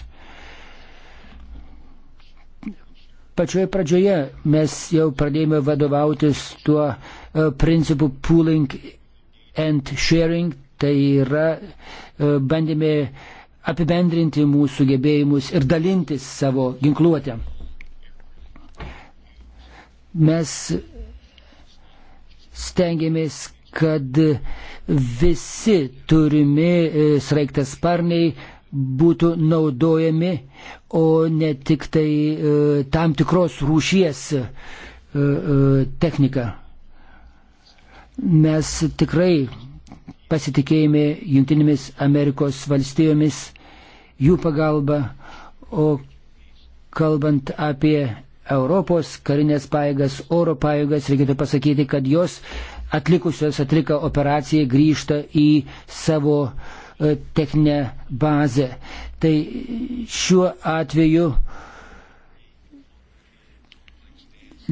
Pačioje pradžioje mes jau pradėjome vadovautis tuo e, principu pooling and sharing, tai yra e, bandėme apibendrinti mūsų gebėjimus ir dalintis savo ginkluotę. Mes stengiamės kad visi turimi e, sraigtas sparniai būtų naudojami, o ne tik tai e, tam tikros rūšies e, technika. Mes tikrai pasitikėjome Junktinėmis Amerikos valstijomis, jų pagalba, o kalbant apie Europos karinės paėgas, oro paėgas, reikėtų pasakyti, kad jos atlikusios atliką operaciją grįžta į savo e, techninę bazę. Tai šiuo atveju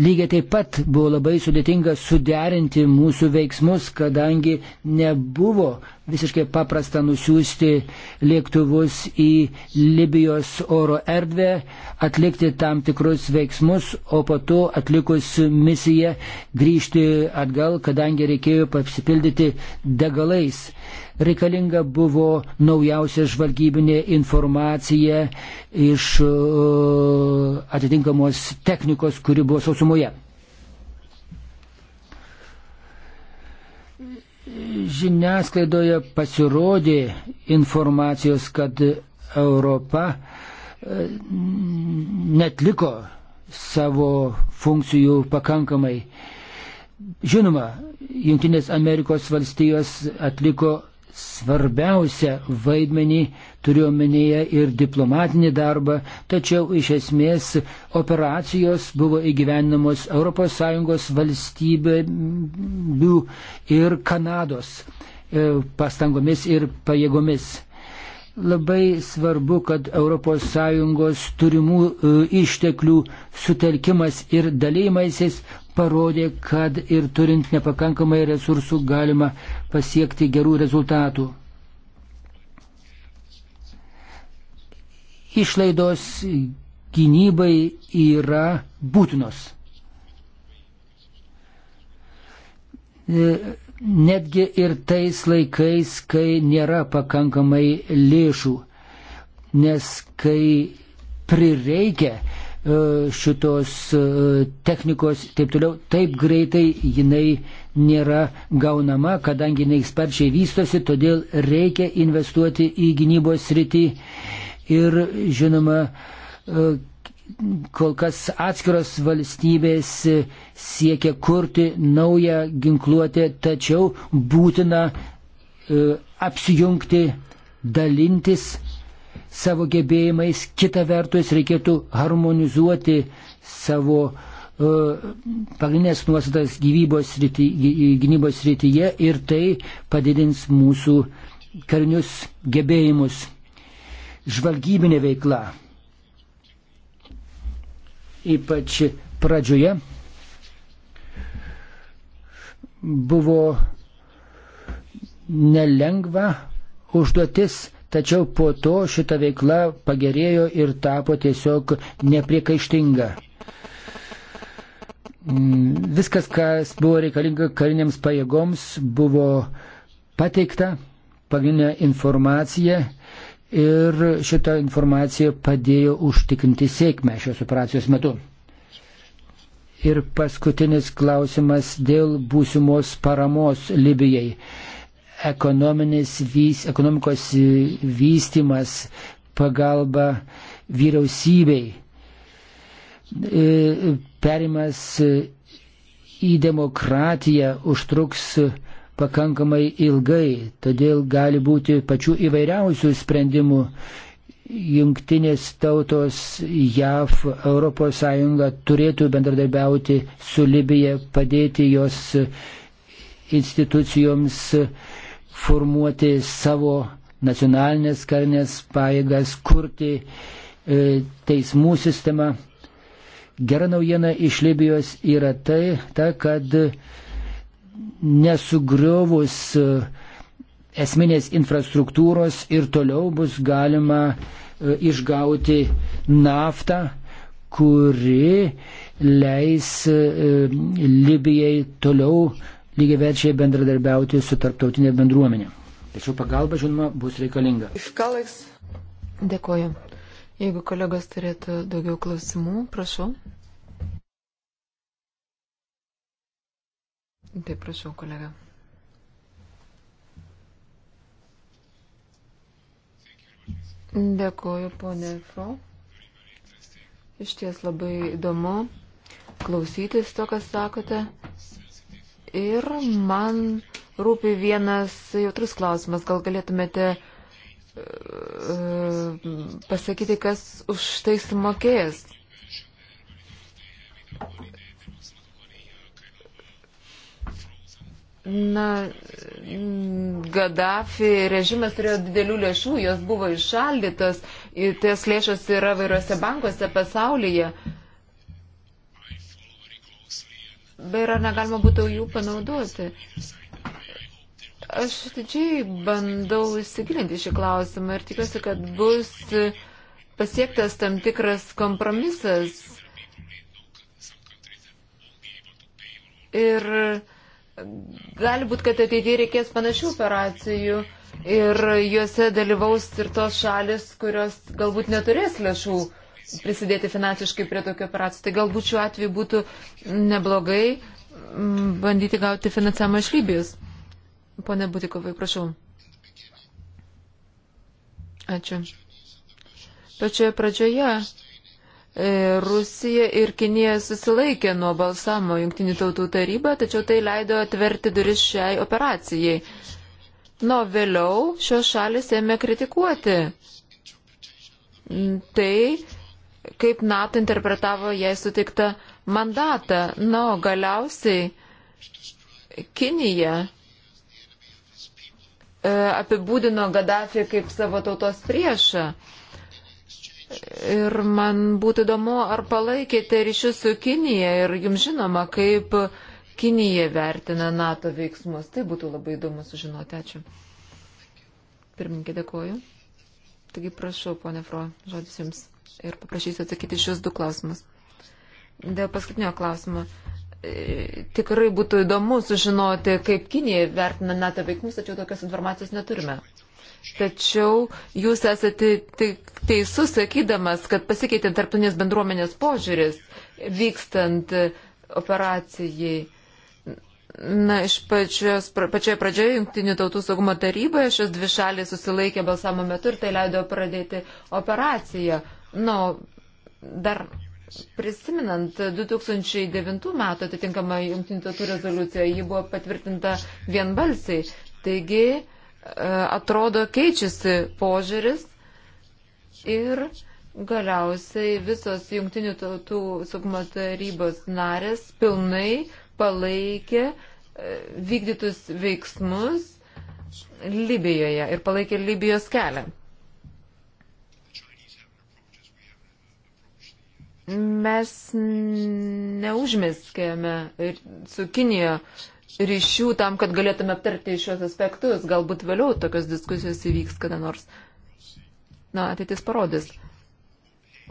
lygiai taip pat buvo labai sudėtinga suderinti mūsų veiksmus, kadangi nebuvo visiškai paprasta nusiųsti lėktuvus į Libijos oro erdvę, atlikti tam tikrus veiksmus, o po to atlikus misiją grįžti atgal, kadangi reikėjo papsipildyti degalais. Reikalinga buvo naujausia žvalgybinė informacija iš atitinkamos technikos, kuri buvo sausumoje. žiniasklaidoje pasirodė informacijos, kad Europa e, netliko savo funkcijų pakankamai. Žinoma, Junktinės Amerikos valstijos atliko svarbiausią vaidmenį turiuomenėje ir diplomatinį darbą, tačiau iš esmės operacijos buvo įgyvenamos ES valstybių ir Kanados e, pastangomis ir pajėgomis. Labai svarbu, kad ES turimų e, išteklių sutelkimas ir dalymaisis parodė, kad ir turint nepakankamai resursų galima pasiekti gerų rezultatų. išlaidos gynybai yra būtinos. E, netgi ir tais laikais, kai nėra pakankamai lėšų, nes kai prireikia e, šitos e, technikos ir taip toliau, taip greitai jinai nėra gaunama, kadangi jinai sparčiai vystosi, todėl reikia investuoti į gynybos sritį ir žinoma, e, kol kas atskiros valstybės siekia kurti naują ginkluotę, tačiau būtina e, apsijungti, dalintis savo gebėjimais, kita vertus reikėtų harmonizuoti savo e, pagrindinės nuostatas gyvybos ryti, gynybos srityje ir tai padidins mūsų karinius gebėjimus žvalgybinė veikla. Ypač pradžioje buvo nelengva užduotis, tačiau po to šita veikla pagerėjo ir tapo tiesiog nepriekaištinga. Mm, viskas, kas buvo reikalinga kariniams pajėgoms, buvo pateikta, pagrindinė informacija ir šita informacija padėjo užtikrinti sėkmę šios operacijos metu. Ir paskutinis klausimas dėl būsimos paramos Libijai. Vys, ekonomikos vystimas, pagalba vyriausybei, e, perimas į demokratiją užtruks pakankamai ilgai, todėl gali būti pačių įvairiausių sprendimų. Jungtinės tautos, JAV, ES turėtų bendradarbiauti su Libija, padėti jos institucijoms formuoti savo nacionalinės karinės pajėgas, kurti e, teismų sistemą. Gera naujiena iš Libijos yra tai, ta, kad nesugriovus e, esminės infrastruktūros ir toliau bus galima e, išgauti naftą, kuri leis e, Libijai toliau lygiai verčiai bendradarbiauti su tarptautinė bendruomenė. Tačiau pagalba, žinoma, bus reikalinga. Dėkoju. Jeigu kolegos turėtų daugiau klausimų, prašau. Taip, prašau, kolega. Dėkuoju, ponė Fro. Iš ties labai įdomu klausytis to, kas sakote. Ir man rūpi vienas jautrus klausimas. Gal galėtumėte e, pasakyti, kas už tai sumokės. Na, Gaddafi režimas turėjo didelių lėšų, jos buvo išaldytas, ties lėšos yra vairiuose bankuose pasaulyje. Bet ar negalima būtų jų panaudoti? Aš didžiai bandau įsigilinti šį klausimą ir tikiuosi, kad bus pasiektas tam tikras kompromisas. Ir gali būti, kad ateityje reikės panašių operacijų ir juose dalyvaus ir tos šalis, kurios galbūt neturės lėšų prisidėti finansiškai prie tokio operacijų. Tai galbūt šiuo atveju būtų neblogai mm, bandyti gauti finansavimą iš Libijos. Pone Butikovai, prašau. Ačiū. Pačioje pradžioje E, Rusija ir Kinija susilaikė nuo balsamo Junktinių tautų taryba, tačiau tai leido atverti duris šiai operacijai. Nuo vėliau šios šalis ėmė kritikuoti tai, kaip NATO interpretavo jai sutiktą mandatą. Na, o galiausiai Kinija e, apibūdino Gaddafį kaip savo tautos priešą. Ir man būtų įdomu, ar palaikėte ryšius su Kinija ir jums žinoma, kaip Kinija vertina NATO veiksmus. Tai būtų labai įdomu sužinoti. Ačiū. Pirmininkė, dėkoju. Taigi prašau, ponė Fro, žodis jums. Ir paprašysiu atsakyti šios du klausimus. Dėl paskutinio klausimo. E, tikrai būtų įdomu sužinoti, kaip Kinija vertina NATO veiksmus, tačiau tokios informacijos neturime. Tačiau jūs esate teisus, sakydamas, kad pasikeitė tarptautinės bendruomenės požiūris vykstant operacijai. Na, iš pačios, pačioje pradžioje Junktinių tautų saugumo taryboje šios dvi šalys susilaikė balsamo metu ir tai leido pradėti operaciją. Na, dar Prisiminant 2009 metų atitinkamą jungtinių tautų rezoliuciją, ji buvo patvirtinta vienbalsiai. Taigi atrodo keičiasi požiūris ir galiausiai visos jungtinių tautų saugumo tarybos narės pilnai palaikė e, vykdytus veiksmus Libijoje ir palaikė Libijos kelią. Mes neužmėskėme su Kinijoje ryšių tam, kad galėtume aptarti šios aspektus. Galbūt vėliau tokios diskusijos įvyks kada nors. Na, ateitis parodys.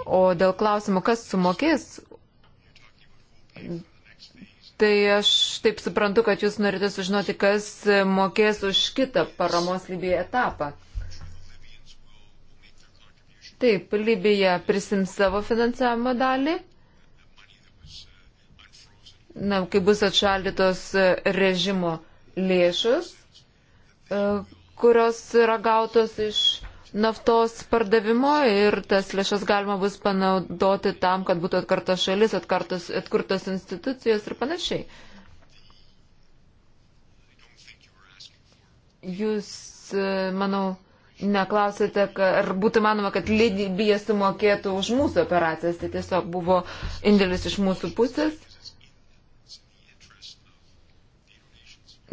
O dėl klausimo, kas sumokės, tai aš taip suprantu, kad jūs norite sužinoti, kas mokės už kitą paramos Libijai etapą. Taip, Libija prisims savo finansavimo dalį na, kai bus atšaldytos e, režimo lėšus, e, kurios yra gautos iš naftos pardavimo ir tas lėšas galima bus panaudoti tam, kad būtų atkarta šalis, atkartos, atkurtos institucijos ir panašiai. Jūs, e, manau, neklausėte, ar būtų manoma, kad Libija sumokėtų už mūsų operacijas, tai tiesiog buvo indėlis iš mūsų pusės.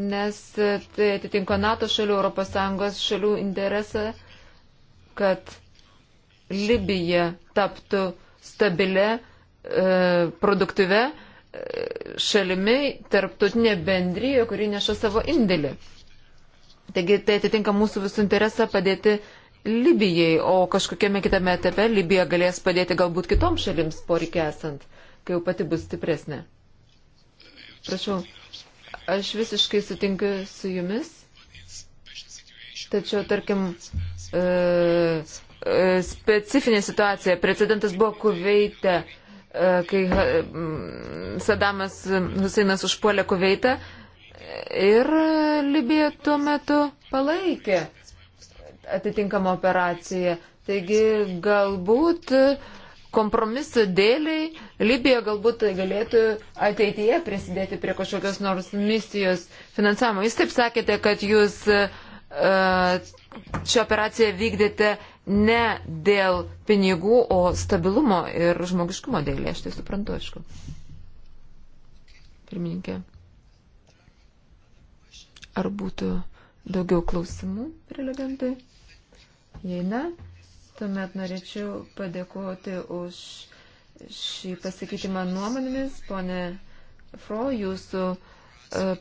nes tai atitinka NATO šalių, ES šalių interesą, kad Libija taptų stabilę, e, produktyvę e, šalimi tarptautinė bendryje, kuri neša savo indėlį. Taigi tai atitinka mūsų visų interesą padėti Libijai, o kažkokiame kitame etape Libija galės padėti galbūt kitoms šalims poreikia esant, kai jau pati bus stipresnė. Prašau. Aš visiškai sutinku su jumis. Tačiau, tarkim, e, e, specifinė situacija. Precedentas buvo Kuveite, e, kai Sadamas Huseinas užpuolė Kuveitą ir Libija tuo metu palaikė atitinkamą operaciją. Taigi, galbūt. E, kompromiso dėliai Libija galbūt galėtų ateityje prisidėti prie kažkokios nors misijos finansavimo. Jūs taip sakėte, kad jūs e, šią operaciją vykdėte ne dėl pinigų, o stabilumo ir žmogiškumo dėlė. Aš tai suprantu, aišku. Pirmininkė. Ar būtų daugiau klausimų prelegentai? Jei ne, Tuomet norėčiau padėkoti už šį pasikeitimą nuomonėmis. Pone Fro, jūsų e,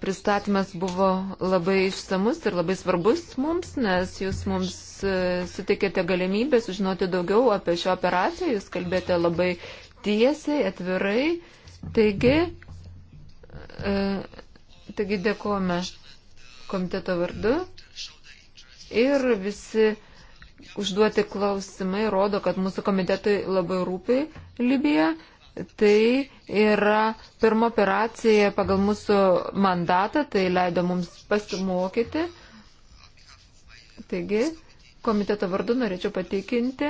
pristatymas buvo labai išsamus ir labai svarbus mums, nes jūs mums e, sutikėte galimybę sužinoti daugiau apie šią operaciją, jūs kalbėjote labai tiesiai, atvirai. Taigi, e, taigi dėkojame komiteto vardu ir visi užduoti klausimai rodo, kad mūsų komitetui labai rūpi Libija. Tai yra pirma operacija pagal mūsų mandatą, tai leido mums pasimokyti. Taigi, komiteto vardu norėčiau patikinti,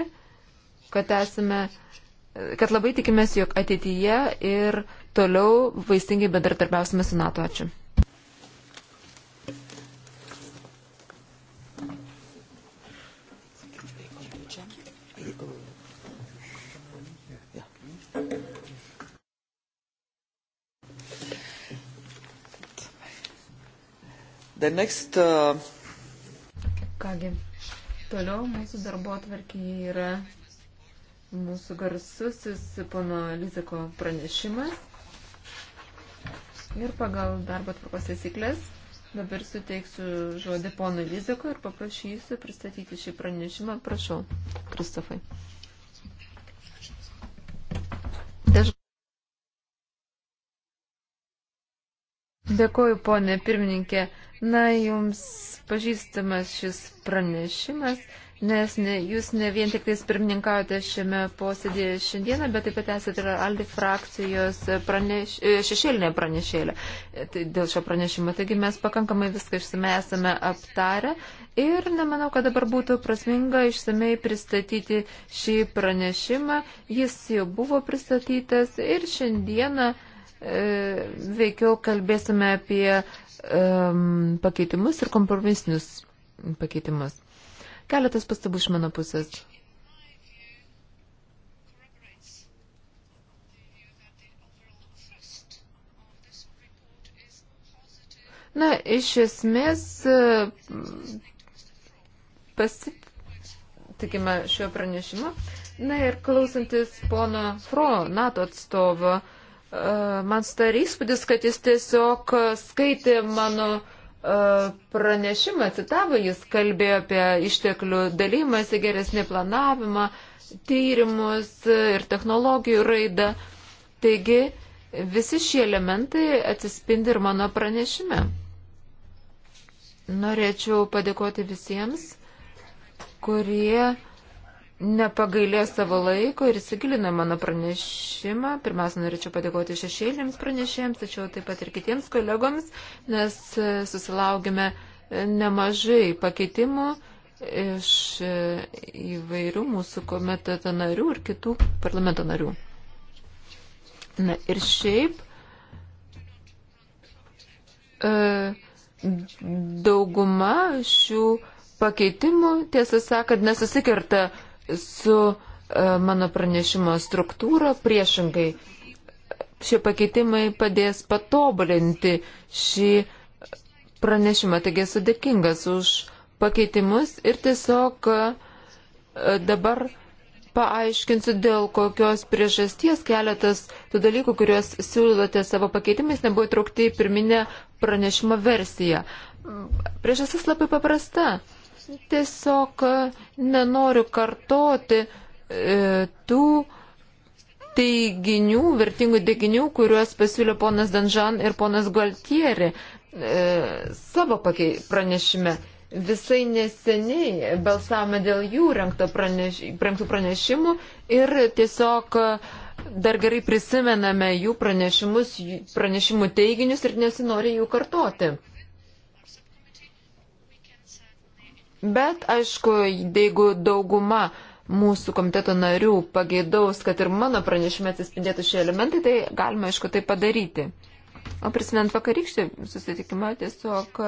kad esame, kad labai tikimės, jog ateityje ir toliau vaisingai bendratarpiausime su NATO. Ačiū. The next. Uh... Kągi, toliau mūsų darbo atvarkyje yra mūsų garsusis pono Liziko pranešimas. Ir pagal darbo tvarkos taisyklės dabar suteiksiu žodį pono Liziko ir paprašysiu pristatyti šį pranešimą. Prašau, Kristofai. Dėkuoju, ponė pirmininkė. Na, jums pažįstamas šis pranešimas, nes ne, jūs ne vien tik tais pirmininkaujate šiame posėdėje šiandieną, bet taip pat esate ir Aldi frakcijos praneš, e, šešėlinė pranešėlė. E, tai dėl šio pranešimo, taigi mes pakankamai viską išsame esame aptarę ir nemanau, kad dabar būtų prasminga išsamei pristatyti šį pranešimą. Jis jau buvo pristatytas ir šiandieną e, veikiau kalbėsime apie um, pakeitimus ir kompromisinius pakeitimus. Keletas pastabų iš mano pusės. Na, iš esmės pasitikime šio pranešimu. Na ir klausantis pono Fro, NATO atstovo, uh, man sudarė įspūdis, kad jis tiesiog skaitė mano e, pranešimą, citavo, jis kalbėjo apie išteklių dalymąsi, geresnį planavimą, tyrimus ir technologijų raidą. Taigi visi šie elementai atsispindi ir mano pranešime. Norėčiau padėkoti visiems, kurie nepagailėjo savo laiko ir įsigilino mano pranešimą. Pirmiausia, norėčiau padėkoti šešėlėms pranešėjams, tačiau taip pat ir kitiems kolegoms, nes e, susilaugėme e, nemažai pakeitimų iš e, įvairių mūsų komiteto narių ir kitų parlamento narių. Na ir šiaip dauguma šių pakeitimų, tiesą sakant, nesusikerta su e, mano pranešimo struktūra priešingai. Šie pakeitimai padės patobulinti šį pranešimą. Taigi esu dėkingas už pakeitimus ir tiesiog e, dabar paaiškinsiu, dėl kokios priežasties keletas tų dalykų, kuriuos siūlote savo pakeitimais, nebuvo įtraukti į pirminę pranešimo versiją. Priežastis labai paprasta tiesiog e, nenoriu kartoti e, tų teiginių, vertingų teiginių, kuriuos pasiūlė ponas Danžan ir ponas Gualtieri e, savo pakei, pranešime. Visai neseniai balsavome dėl jų rengtų praneš, pranešimų ir tiesiog e, dar gerai prisimename jų pranešimus, jų pranešimų teiginius ir nesinori jų kartoti. Bet, aišku, jeigu dauguma mūsų komiteto narių pageidaus, kad ir mano pranešime atsispindėtų šie elementai, tai galima, aišku, tai padaryti. O prisimint vakarykštį susitikimą tiesiog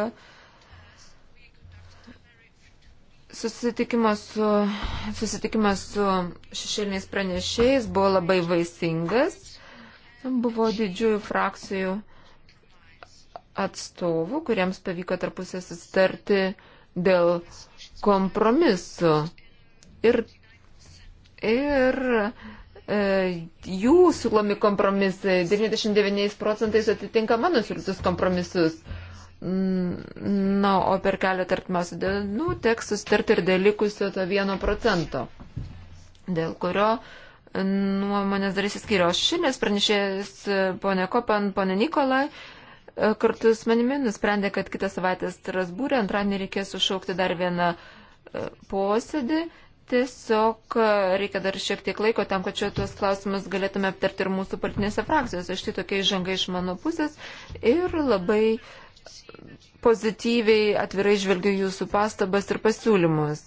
susitikimas su, susitikimas su šešėliniais pranešėjais buvo labai vaisingas. Buvo didžiųjų frakcijų atstovų, kuriems pavyko tarpusė susitarti uh, dėl kompromisu. Ir, ir e, jų siūlomi kompromisai 99 procentais atitinka mano siūlytus kompromisus. Na, o per keletą artimiausių dienų teks sustarti ir dėl likusio to vieno procento, dėl kurio nuomonės darys įskyrios. Šiandien pranešėjas e, ponė Kopan, ponė Nikolai, e, E, kartu su manimi nusprendė, kad kitą savaitę Strasbūrė antradienį reikės sušaukti dar vieną e, posėdį. Tiesiog e, reikia dar šiek tiek laiko tam, kad čia tuos klausimus galėtume aptarti ir mūsų partinėse frakcijose. Aš tai tokia įžanga iš mano pusės ir labai pozityviai atvirai žvelgiu jūsų pastabas ir pasiūlymus.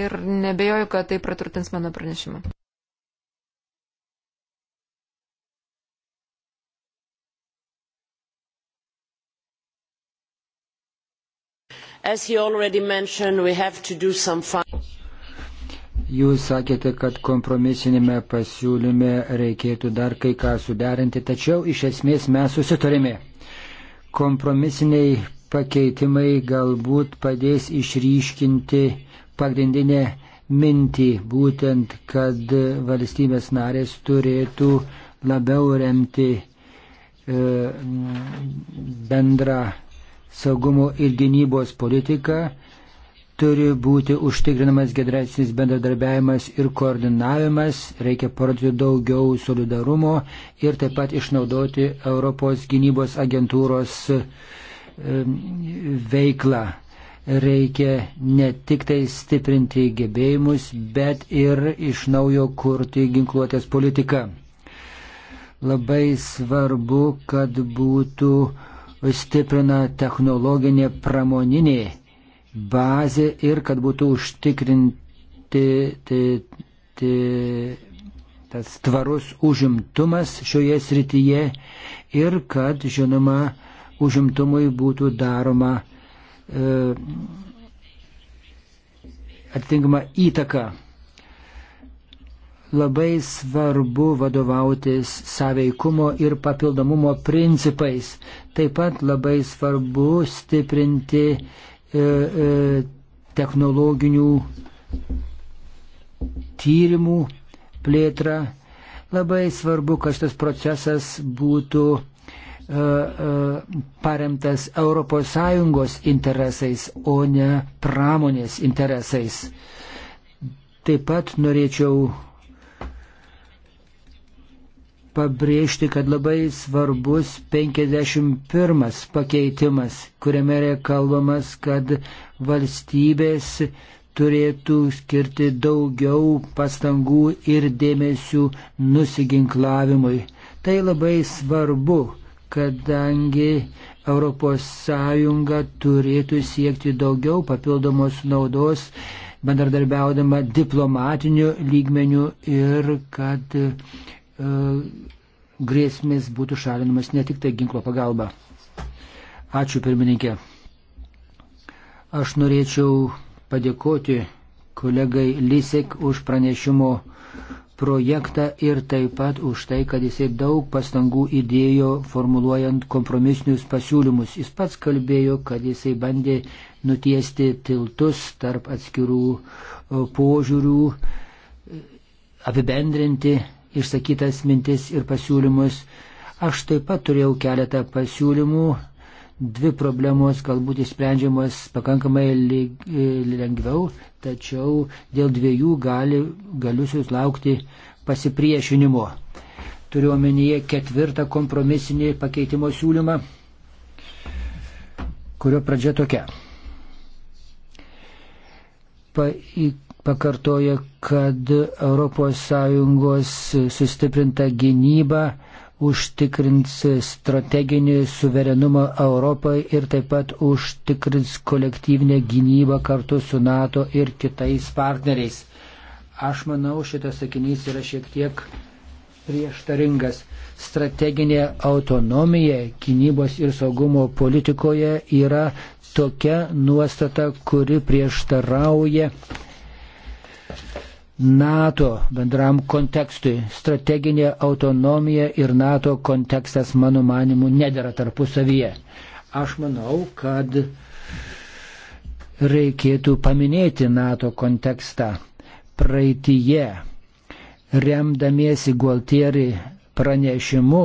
Ir nebejoju, kad tai praturtins mano pranešimą. As he already mentioned, we have to do some Jūs sakėte, kad kompromisinėme pasiūlyme reikėtų dar kai ką suderinti, tačiau iš esmės mes susitarėme. Kompromisiniai pakeitimai galbūt padės išryškinti pagrindinę mintį, būtent, kad valstybės narės turėtų labiau remti e, bendrą saugumo ir gynybos politika turi būti užtikrinamas gedrasis bendradarbiavimas ir koordinavimas, reikia parodyti daugiau solidarumo ir taip pat išnaudoti Europos gynybos agentūros veiklą. Reikia ne tik tai stiprinti gebėjimus, bet ir iš naujo kurti ginkluotės politiką. Labai svarbu, kad būtų uh, stiprina technologinė pramoninė bazė ir kad būtų užtikrinti t, t, tas tvarus užimtumas šioje srityje ir kad, žinoma, užimtumui būtų daroma e, atitinkama įtaka. Labai svarbu vadovautis saveikumo ir papildomumo principais. Taip pat labai svarbu stiprinti e, e, technologinių tyrimų plėtrą. Labai svarbu, kad šitas procesas būtų e, e, paremtas ES interesais, o ne pramonės interesais. Taip pat norėčiau pabrėžti, kad labai svarbus 51 pakeitimas, kuriame yra kalbamas, kad valstybės turėtų skirti daugiau pastangų ir dėmesių nusiginklavimui. Tai labai svarbu, kadangi ES turėtų siekti daugiau papildomos naudos, bendradarbiaudama diplomatiniu lygmeniu ir kad uh, E, grėsmės būtų šalinamas ne tik tai ginklo pagalba. Ačiū pirmininkė. Aš norėčiau padėkoti kolegai Lisek už pranešimo projektą ir taip pat už tai, kad jisai daug pastangų įdėjo formuluojant kompromisinius pasiūlymus. Jis pats kalbėjo, kad jisai bandė nutiesti tiltus tarp atskirų e, požiūrių, e, apibendrinti išsakytas mintis ir pasiūlymus. Aš taip pat turėjau keletą pasiūlymų. Dvi problemos galbūt išsprendžiamos pakankamai e, lengviau, tačiau dėl dviejų gali, galiu susilaukti pasipriešinimo. Turiu omenyje ketvirtą kompromisinį pakeitimo siūlymą, kurio pradžia tokia. Pa, į pakartoja, kad ES sustiprinta gynyba užtikrins strateginį suverenumą Europai ir taip pat užtikrins kolektyvinę gynybą kartu su NATO ir kitais partneriais. Aš manau, šitas sakinys yra šiek tiek prieštaringas. Strateginė autonomija gynybos ir saugumo politikoje yra tokia nuostata, kuri prieštarauja NATO bendram kontekstui. Strateginė autonomija ir NATO kontekstas, mano manimu, nedėra tarpusavyje. Aš manau, kad reikėtų paminėti NATO kontekstą. Praeitie, remdamiesi Gualtieri pranešimu,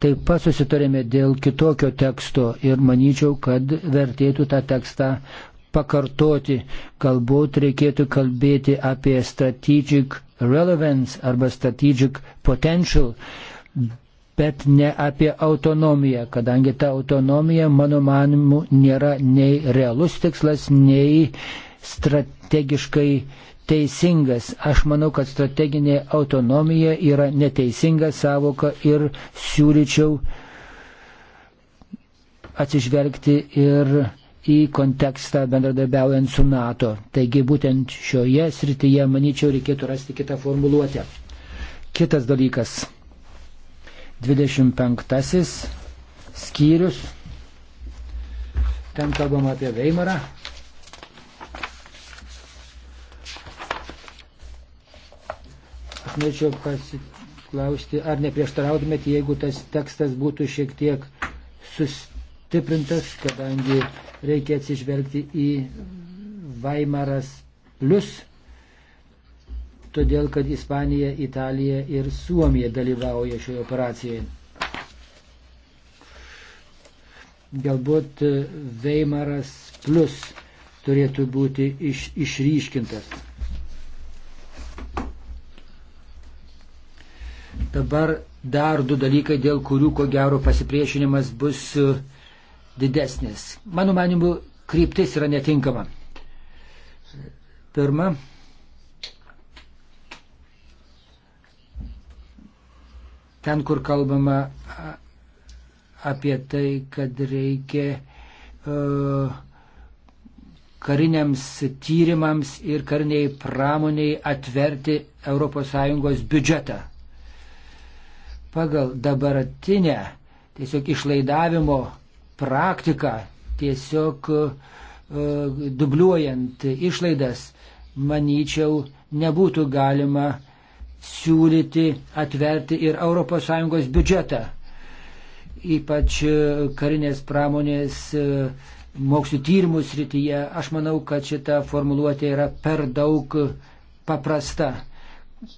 taip pat susitarėme dėl kitokio teksto ir manyčiau, kad vertėtų tą tekstą pakartoti. Galbūt reikėtų kalbėti apie strategic relevance arba strategic potential, bet ne apie autonomiją, kadangi ta autonomija, mano manimu, nėra nei realus tikslas, nei strategiškai teisingas. Aš manau, kad strateginė autonomija yra neteisinga savoka ir siūlyčiau atsižvelgti ir į kontekstą bendradarbiaujant su NATO. Taigi būtent šioje srityje, manyčiau, reikėtų rasti kitą formuluotę. Kitas dalykas. 25 skyrius. Ten kalbam apie Veimarą. Aš norėčiau pasiklausti, ar neprieštarautumėte, jeigu tas tekstas būtų šiek tiek sustiprinamas sustiprintas, kadangi reikia atsižvelgti į Vaimaras plus, todėl kad Ispanija, Italija ir Suomija dalyvauja šioje operacijoje. Galbūt Veimaras plus turėtų būti iš, išryškintas. Dabar dar du dalykai, dėl kurių ko gero pasipriešinimas bus uh, didesnės. Mano manimu, kryptis yra netinkama. Pirma, ten, kur kalbama apie tai, kad reikia uh, kariniams tyrimams ir kariniai pramoniai atverti ES biudžetą. Pagal dabartinę tiesiog išlaidavimo praktiką, tiesiog e, dubliuojant išlaidas, manyčiau, nebūtų galima siūlyti atverti ir ES biudžetą, ypač e, karinės pramonės e, mokslių tyrimų srityje. Aš manau, kad šita formuluotė yra per daug paprasta.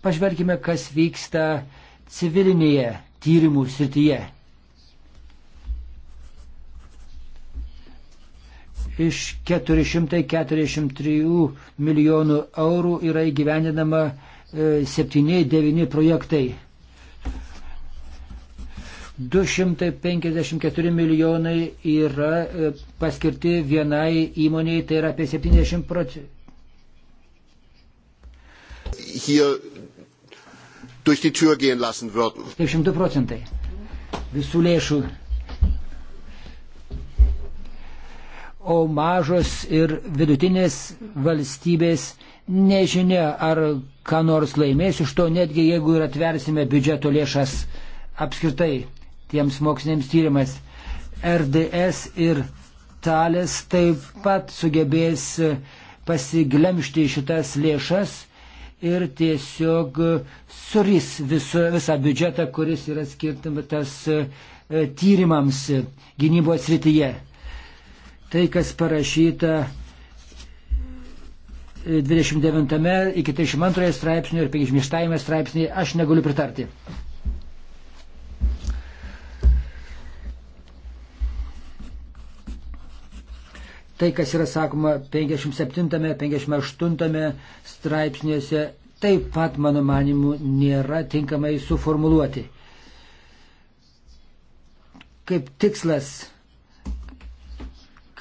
Pažvelkime, kas vyksta civilinėje tyrimų srityje. iš 443 milijonų eurų yra įgyvendinama 7-9 e, projektai. 254 milijonai yra e, paskirti vienai įmoniai, tai yra apie 70 procentų. Hier durch die Tür gehen lassen würden. 70 procentai visų lėšų o mažos ir vidutinės valstybės nežinia, ar ką nors laimės iš to, netgi jeigu ir atversime biudžeto lėšas apskritai tiems moksliniams tyrimams. RDS ir talės taip pat sugebės pasiglemšti šitas lėšas ir tiesiog suris viso, visą biudžetą, kuris yra skirtas e, tyrimams gynybos rytyje. Tai, kas parašyta 29 iki 32 straipsnių ir 56 straipsnį, aš negaliu pritarti. Tai, kas yra sakoma 57, 58 straipsniuose, taip pat, mano manimu, nėra tinkamai suformuluoti. Kaip tikslas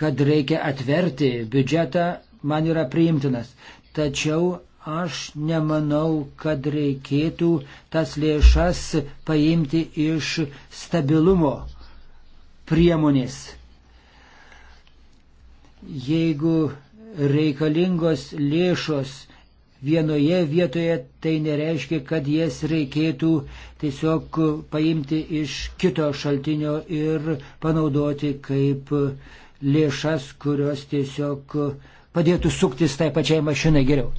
kad reikia atverti biudžetą, man yra priimtinas. Tačiau aš nemanau, kad reikėtų tas lėšas paimti iš stabilumo priemonės. Jeigu reikalingos lėšos vienoje vietoje, tai nereiškia, kad jas reikėtų tiesiog paimti iš kito šaltinio ir panaudoti kaip uh, lėšas, kurios tiesiog padėtų suktis tai pačiai mašinai geriau.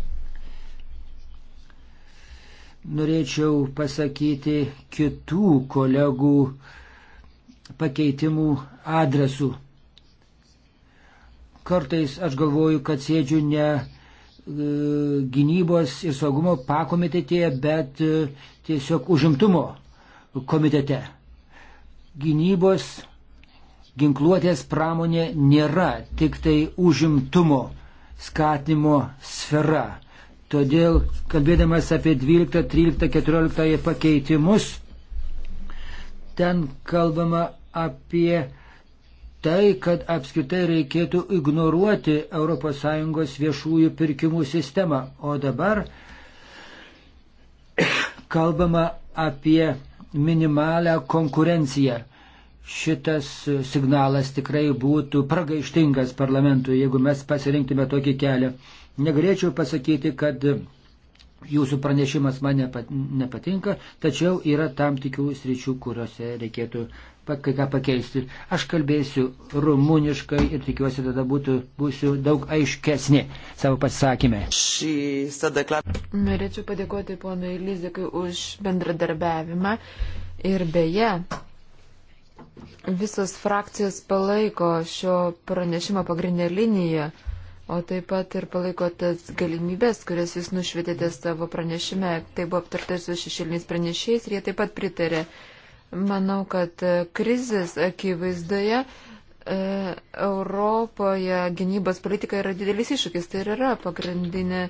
Norėčiau pasakyti kitų kolegų pakeitimų adresų. Kartais aš galvoju, kad sėdžiu ne e, gynybos ir saugumo pakomitetėje, bet e, tiesiog užimtumo komitete. Gynybos ginkluotės pramonė nėra tik tai užimtumo skatinimo sfera. Todėl, kalbėdamas apie 12, 13, 14 pakeitimus, ten kalbama apie tai, kad apskritai reikėtų ignoruoti ES viešųjų pirkimų sistemą. O dabar kalbama apie minimalę konkurenciją šitas signalas tikrai būtų pragaištingas parlamentui, jeigu mes pasirinktume tokį kelią. Negalėčiau pasakyti, kad jūsų pranešimas man nepatinka, tačiau yra tam tikrų sričių, kuriuose reikėtų kai ką pakeisti. Aš kalbėsiu rumuniškai ir tikiuosi tada būtų, būsiu daug aiškesnė savo pasisakymę. Norėčiau padėkoti ponui Lizikui už bendradarbiavimą ir beje, Visos frakcijos palaiko šio pranešimo pagrindinę liniją, o taip pat ir palaiko tas galimybės, kurias jūs nušvietėte savo pranešime. Tai buvo aptarta su šešėliniais pranešėjais ir jie taip pat pritarė. Manau, kad e, krizės akivaizdoje e, Europoje gynybos politika yra didelis iššūkis, tai yra pagrindinė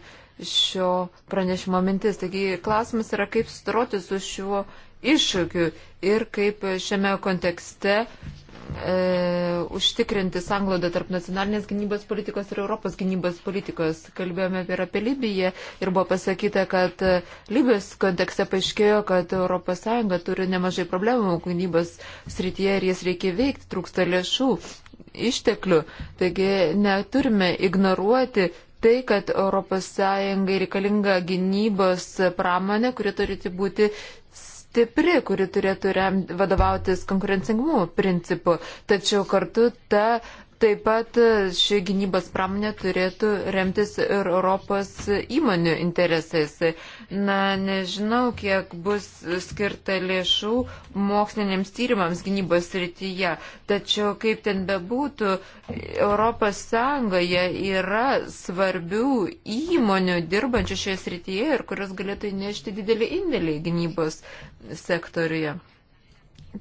šio pranešimo mintis. Taigi klausimas yra, kaip sutaroti su šiuo iššūkių ir kaip šiame kontekste e, užtikrinti sanglodą tarp nacionalinės gynybos politikos ir Europos gynybos politikos. Kalbėjome ir apie Libiją ir buvo pasakyta, kad e, Libijos kontekste paaiškėjo, kad ES turi nemažai problemų gynybos srityje ir jas reikia veikti, trūksta lėšų, išteklių. Taigi neturime ignoruoti tai, kad ES reikalinga gynybos pramonė, kuri turi būti stipri, kuri turėtų vadovautis konkurencingumo principu, tačiau kartu ta Taip pat e, ši gynybos pramonė turėtų remtis ir Europos įmonių interesais. Na, nežinau, kiek bus skirta lėšų moksliniams tyrimams gynybos rytyje, tačiau kaip ten bebūtų, Europos Sąjungoje yra svarbių įmonių dirbančių šioje srityje ir kurios galėtų nešti didelį indėlį gynybos sektoriuje.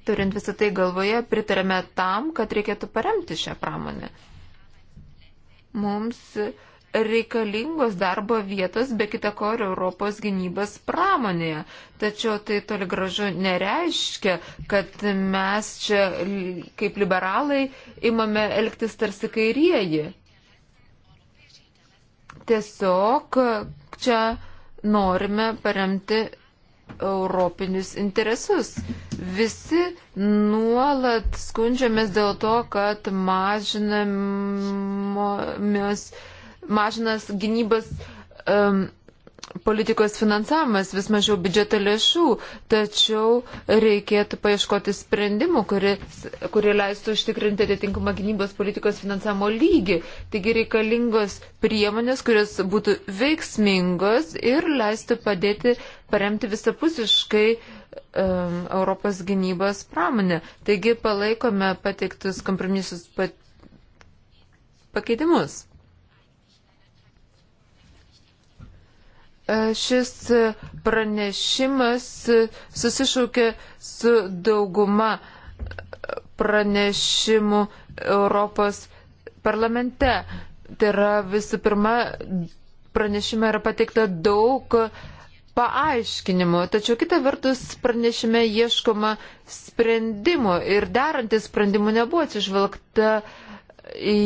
Turint visą tai galvoje, pritarėme tam, kad reikėtų paremti šią pramonę. Mums reikalingos darbo vietos be kita ko ir Europos gynybos pramonėje. Tačiau tai toli gražu nereiškia, kad mes čia kaip liberalai imame elgtis tarsi kairieji. Tiesiog čia norime paremti europinius interesus. Visi nuolat skundžiamės dėl to, kad mažinamos, mažinas gynybas um, politikos finansavimas, vis mažiau biudžeto lėšų, tačiau reikėtų paieškoti sprendimų, kurie leistų užtikrinti atitinkamą gynybos politikos finansavimo lygį. Taigi reikalingos priemonės, kurios būtų veiksmingos ir leistų padėti paremti visapusiškai um, Europos gynybos pramonę. Taigi palaikome pateiktus kompromisus pat... pakeitimus. E, šis pranešimas susišaukė su dauguma pranešimų Europos parlamente. Tai yra visų pirma, pranešime yra pateikta daug paaiškinimų, tačiau kita vertus pranešime ieškoma sprendimų ir derantis sprendimų nebuvo atsižvelgta į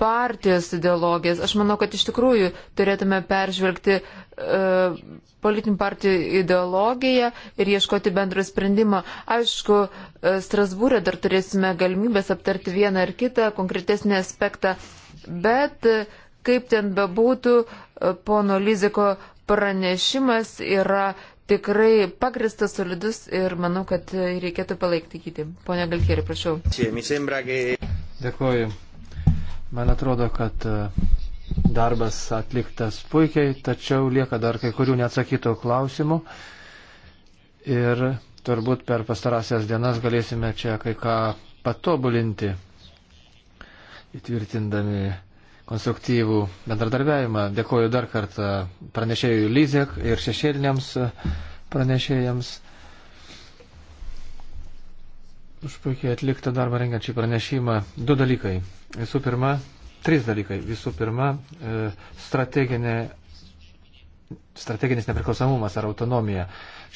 partijos ideologijas. Aš manau, kad iš tikrųjų turėtume peržvelgti e, politinių partijų ideologiją ir ieškoti bendro sprendimo. Aišku, e, Strasbūrė dar turėsime galimybės aptarti vieną ar kitą konkretesnį aspektą, bet e, kaip ten bebūtų, e, pono Liziko pranešimas yra tikrai pagristas, solidus ir manau, kad reikėtų palaikyti kiti. Pone Galkieri, prašau. Dėkuoju. Man atrodo, kad e, darbas atliktas puikiai, tačiau lieka dar kai kurių neatsakytų klausimų. Ir turbūt per pastarąsias dienas galėsime čia kai ką patobulinti, įtvirtindami konstruktyvų bendradarbiavimą. Dėkoju dar kartą pranešėjui Lyzek ir šešėliniams pranešėjams už puikiai atliktą darbą rengiant šį pranešimą. Du dalykai. Visų pirma, trys dalykai. Visų pirma, e, strateginė, strateginis nepriklausomumas ar autonomija.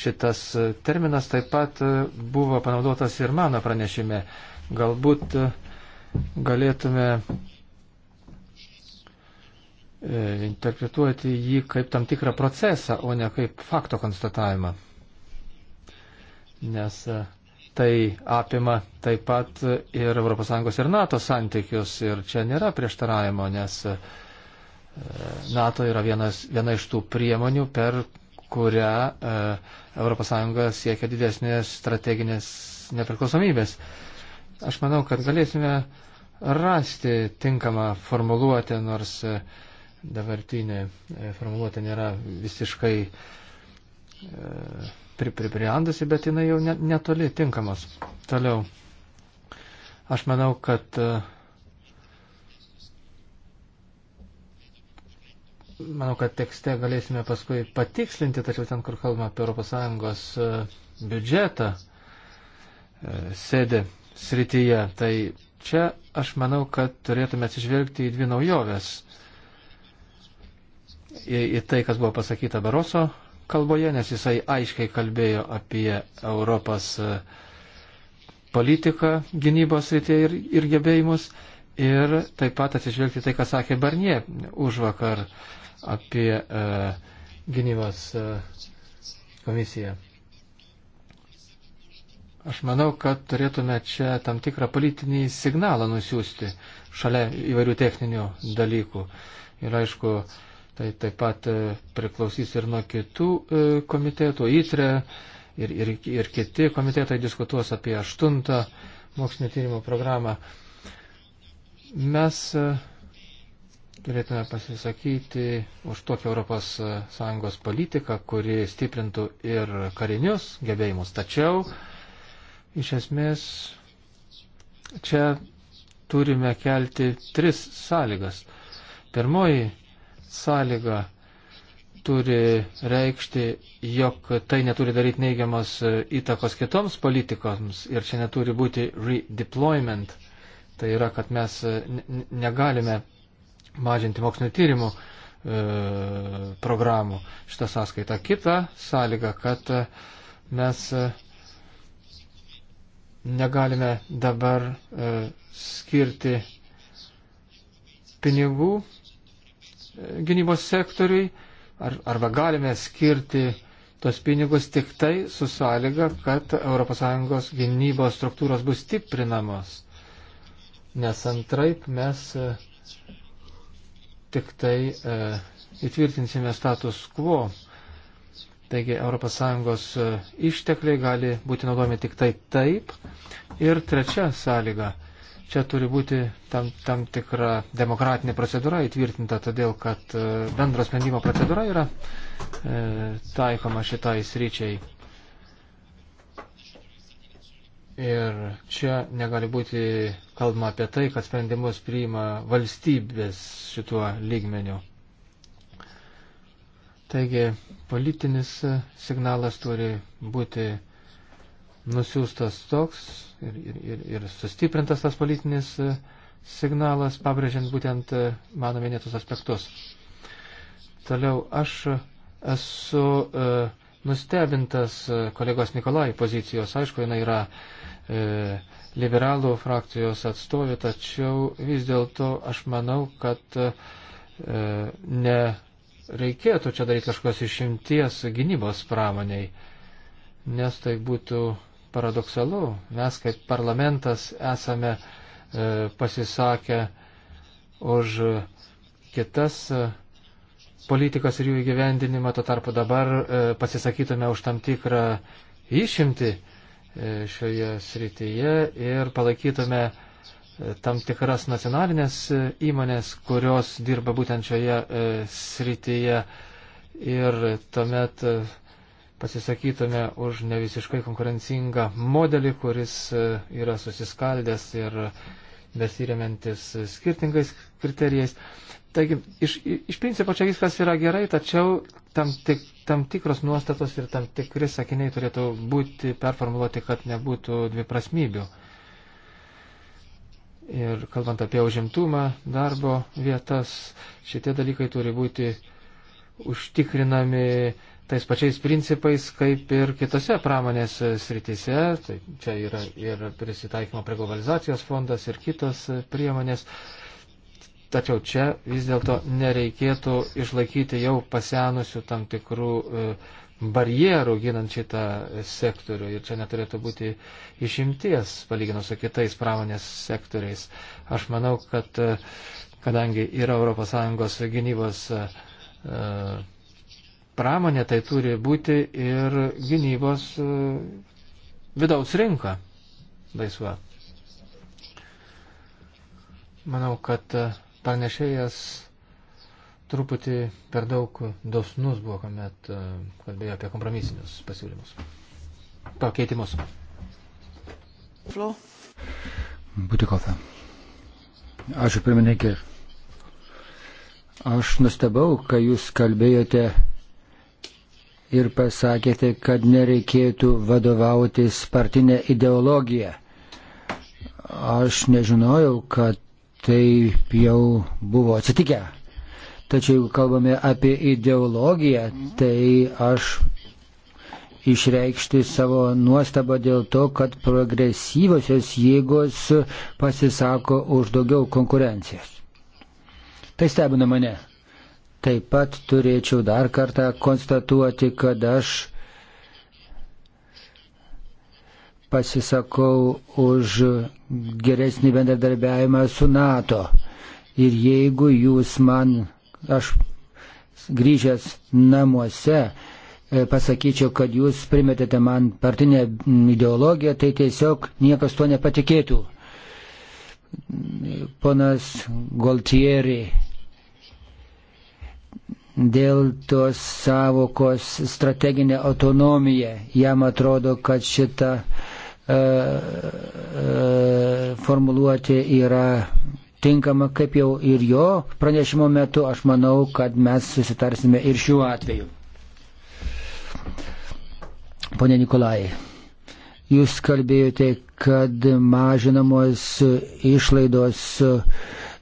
Šitas e, terminas taip pat e, buvo panaudotas ir mano pranešime. Galbūt galėtume interpretuoti jį kaip tam tikrą procesą, o ne kaip fakto konstatavimą. Nes tai apima taip pat ir ES ir NATO santykius. Ir čia nėra prieštaravimo, nes e, NATO yra vienas, viena iš tų priemonių, per kurią e, ES siekia didesnės strateginės nepriklausomybės. Aš manau, kad galėsime rasti tinkamą formuluotę, nors e, dabartinė formuluotė nėra visiškai pri, pribrendusi, bet jinai jau netoli tinkamos. Toliau. Aš manau, kad e, Manau, kad tekste galėsime paskui patikslinti, tačiau ten, kur kalbame apie ES e, biudžetą, e, sėdė srityje, tai čia aš manau, kad turėtume atsižvelgti į dvi naujoves. Į, į tai, kas buvo pasakyta Baroso kalboje, nes jisai aiškiai kalbėjo apie Europos e, politiką gynybos rytėje ir, ir gebėjimus. Ir taip pat atsižvelgti tai, ką sakė Barnie už vakar apie e, gynybos e, komisiją. Aš manau, kad turėtume čia tam tikrą politinį signalą nusiųsti šalia įvairių techninių dalykų. Ir aišku, e, Tai taip pat e, priklausys ir nuo kitų e, komitetų, ITRE ir, ir, ir kiti komitetai diskutuos apie aštuntą mokslinio tyrimo programą. Mes e, turėtume pasisakyti už tokią ES politiką, kuri stiprintų ir karinius gebėjimus. Tačiau, iš esmės, čia turime kelti tris sąlygas. Pirmoji sąlyga turi reikšti, jog tai neturi daryti neigiamos e, įtakos kitoms politikoms ir čia neturi būti redeployment. Tai yra, kad mes e, negalime mažinti mokslinio tyrimų e, programų šitą sąskaitą. Kita sąlyga, kad e, mes negalime dabar e, skirti pinigų gynybos sektoriui, ar, arba galime skirti tos pinigus tik tai su sąlyga, kad ES gynybos struktūros bus stiprinamos. Nes antraip mes e, tik tai e, įtvirtinsime status quo. Taigi ES e, ištekliai gali būti naudojami tik tai taip. Ir trečia sąlyga Čia turi būti tam, tam tikra demokratinė procedūra įtvirtinta, todėl kad e, bendro sprendimo procedūra yra e, taikoma šitai sryčiai. Ir čia negali būti kalbama apie tai, kad sprendimus priima valstybės šituo lygmeniu. Taigi politinis signalas turi būti nusiųstas toks ir, ir, ir, ir sustiprintas tas politinis e, signalas, pabrėžiant būtent e, mano minėtus aspektus. Toliau aš esu e, nustebintas e, kolegos Nikolai pozicijos. Aišku, jinai yra e, liberalų frakcijos atstovė, tačiau vis dėlto aš manau, kad e, nereikėtų čia daryti kažkokios išimties gynybos pramoniai, nes tai būtų paradoksalu. Mes kaip parlamentas esame e, pasisakę už kitas e, politikas ir jų įgyvendinimą, to tarpu dabar e, pasisakytume už tam tikrą išimti šioje srityje ir palaikytume tam tikras nacionalinės įmonės, kurios dirba būtent šioje srityje ir tuomet pasisakytume už nevisiškai konkurencingą modelį, kuris e, yra susiskaldęs ir besiriamentis skirtingais kriterijais. Taigi, iš, iš principo čia viskas yra gerai, tačiau tam, tik, tam tikros nuostatos ir tam tikri sakiniai turėtų būti performuluoti, kad nebūtų dviprasmybių. Ir kalbant apie užimtumą, darbo vietas, šitie dalykai turi būti užtikrinami tais pačiais principais, kaip ir kitose pramonės sritise. Tai čia yra ir prisitaikymo prie globalizacijos fondas ir kitos priemonės. Tačiau čia vis dėlto nereikėtų išlaikyti jau pasenusių tam tikrų e, barjerų ginant šitą sektorių ir čia neturėtų būti išimties palyginus su kitais pramonės sektoriais. Aš manau, kad e, kadangi yra ES gynybos e, pramonė, tai turi būti ir gynybos e, vidaus rinka laisva. Manau, kad e, pranešėjas truputį per daug dosnus buvo, kuomet e, kalbėjo apie kompromisinius pasiūlymus. Pakeitimus. Flo. Butikofė. Ačiū pirmininkė. Aš nustebau, kai jūs kalbėjote ir pasakėte, kad nereikėtų vadovautis partinę ideologiją. Aš nežinojau, kad tai jau buvo atsitikę. Tačiau jeigu kalbame apie ideologiją, tai aš išreikšti savo nuostabą dėl to, kad progresyvosios jėgos pasisako už daugiau konkurencijos. Tai stebina mane. Taip pat turėčiau dar kartą konstatuoti, kad aš pasisakau už geresnį bendradarbiavimą su NATO. Ir jeigu jūs man, aš grįžęs namuose, e, pasakyčiau, kad jūs primetėte man partinę ideologiją, tai tiesiog niekas to nepatikėtų. Ponas Goltieri dėl tos savokos strateginė autonomija. Jam atrodo, kad šita e, e, formuluotė yra tinkama, kaip jau ir jo pranešimo metu, aš manau, kad mes susitarsime ir šiuo atveju. Pone Nikolai, jūs kalbėjote, kad mažinamos išlaidos e,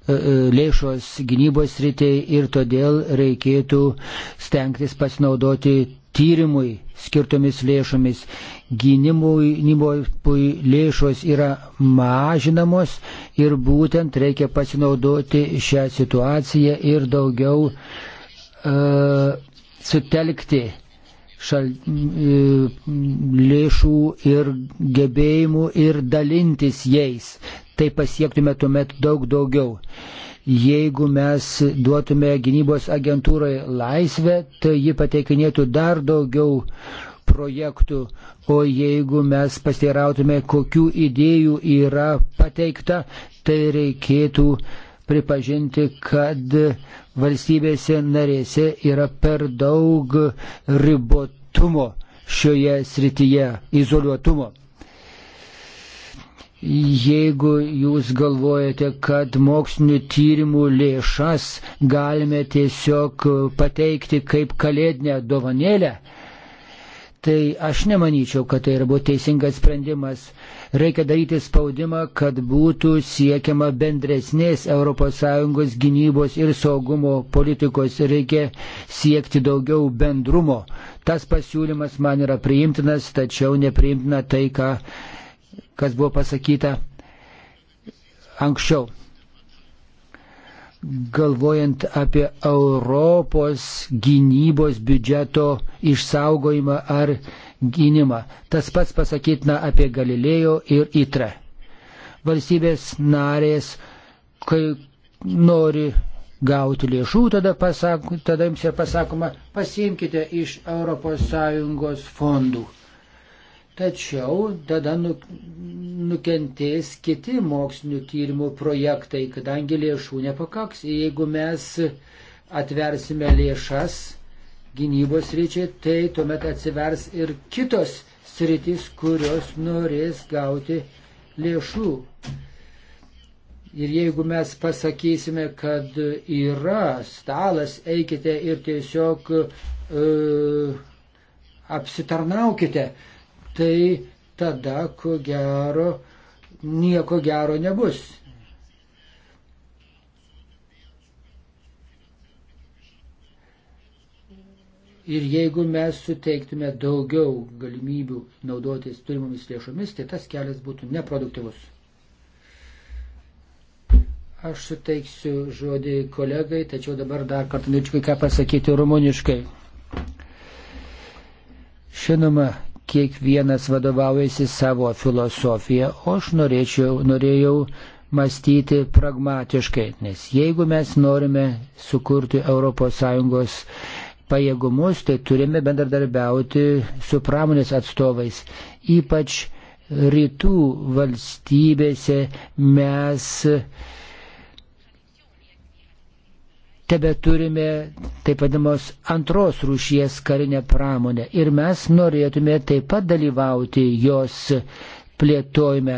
E, e, lėšos gynybos rytėje ir todėl reikėtų stengtis pasinaudoti tyrimui skirtomis lėšomis. Gynimui lėšos yra mažinamos ir būtent reikia pasinaudoti šią situaciją ir daugiau uh, sutelkti šal, lėšų ir gebėjimų ir dalintis jais tai pasiektume tuomet daug daugiau. Jeigu mes duotume gynybos agentūrai laisvę, tai ji pateikinėtų dar daugiau projektų, o jeigu mes pasteirautume, kokių idėjų yra pateikta, tai reikėtų pripažinti, kad valstybėse narėse yra per daug ribotumo šioje srityje, izoliuotumo. Jeigu jūs galvojate, kad mokslinių tyrimų lėšas galime tiesiog pateikti kaip kalėdinę dovanėlę, tai aš nemanyčiau, kad tai yra buvo teisingas sprendimas. Reikia daryti spaudimą, kad būtų siekiama bendresnės ES gynybos ir saugumo politikos. Reikia siekti daugiau bendrumo. Tas pasiūlymas man yra priimtinas, tačiau nepriimtina tai, ką kas buvo pasakyta anksčiau. Galvojant apie Europos gynybos biudžeto išsaugojimą ar gynimą, tas pats pasakytina apie Galilėjo ir ITRE. Valstybės narės, kai nori gauti lėšų, tada, pasako, tada jums yra pasakoma, pasiimkite iš ES fondų. Tačiau tada nu, nukentės kiti mokslinių tyrimų projektai, kadangi lėšų nepakaks. Jeigu mes atversime lėšas gynybos ryčiai, tai tuomet atsivers ir kitos sritis, kurios norės gauti lėšų. Ir jeigu mes pasakysime, kad yra stalas, eikite ir tiesiog e, apsitarnaukite, e, tai tada, ko gero, nieko gero nebus. Ir jeigu mes suteiktume daugiau galimybių naudotis turimomis lėšomis, tai tas kelias būtų neproduktyvus. Aš suteiksiu žodį kolegai, tačiau dabar dar kartą norėčiau ką pasakyti rumuniškai. Žinoma, kiekvienas vadovaujasi savo filosofiją, o aš norėčiau, norėjau mąstyti pragmatiškai, nes jeigu mes norime sukurti ES pajėgumus, tai turime bendradarbiauti su pramonės atstovais, ypač rytų valstybėse mes tebe turime taip vadinamos antros rūšies karinę pramonę ir mes norėtume taip pat dalyvauti jos plėtojime.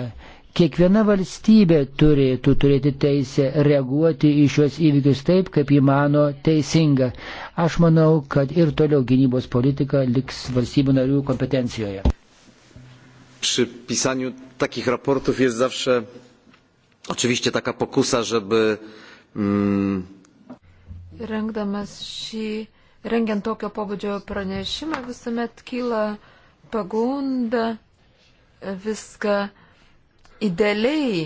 Kiekviena valstybė turėtų turėti teisę reaguoti į šios įvykius taip, kaip įmano teisinga. Aš manau, kad ir toliau gynybos politika liks valstybių narių kompetencijoje. Przy pisaniu takich raportów jest zawsze oczywiście taka pokusa, żeby mm, rengdamas šį, rengiant tokio pobūdžio pranešimą, visuomet kyla pagunda viską idealiai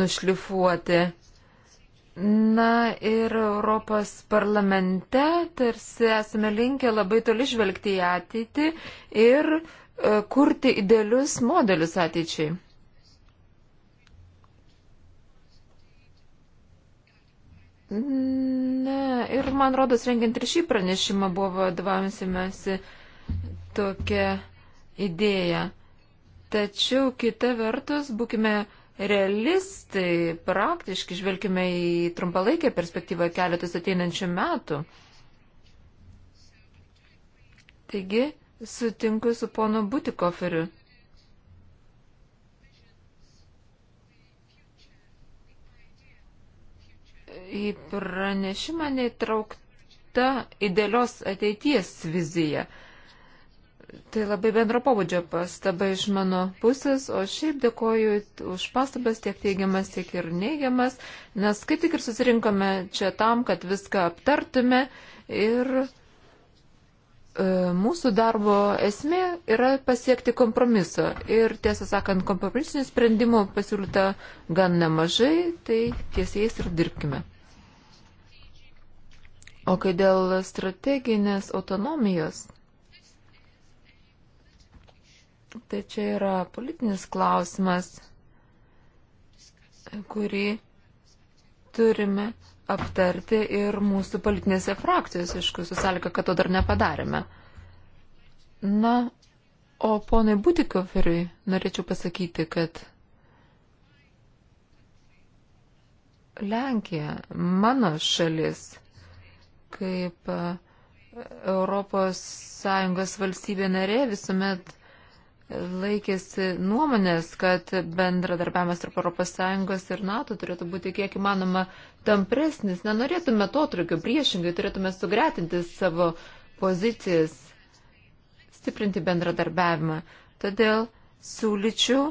nušlifuoti. Na ir Europos parlamente tarsi esame linkę labai toli žvelgti į ateitį ir e, kurti idealius modelius ateičiai. Ne, ir man rodos, rengiant ir šį pranešimą buvo vadovavimsimėsi tokia idėja. Tačiau kita vertus, būkime realistai, praktiški, žvelgime į trumpalaikę perspektyvą keletus ateinančių metų. Taigi, sutinku su ponu Butikoferiu. į pranešimą neįtraukta idealios ateities vizija. Tai labai bendro pobūdžio pastaba iš mano pusės, o šiaip dėkoju už pastabas tiek teigiamas, tiek ir neigiamas, nes kaip tik ir susirinkome čia tam, kad viską aptartume ir e, mūsų darbo esmė yra pasiekti kompromiso. Ir tiesą sakant, kompromisinių sprendimų pasiūlyta gan nemažai, tai tiesiais ir dirbkime. O kai dėl strateginės autonomijos, tai čia yra politinis klausimas, kurį turime aptarti ir mūsų politinėse frakcijose, aišku, su sąlyga, kad to dar nepadarėme. Na, o ponai Butikoferiui norėčiau pasakyti, kad Lenkija, mano šalis, kaip ES valstybė narė visuomet laikėsi nuomonės, kad bendradarbiavimas tarp ES ir NATO turėtų būti kiek įmanoma tampresnis. Nenorėtume to trukio, priešingai turėtume sugretinti savo pozicijas, stiprinti bendradarbiavimą. Todėl siūlyčiau,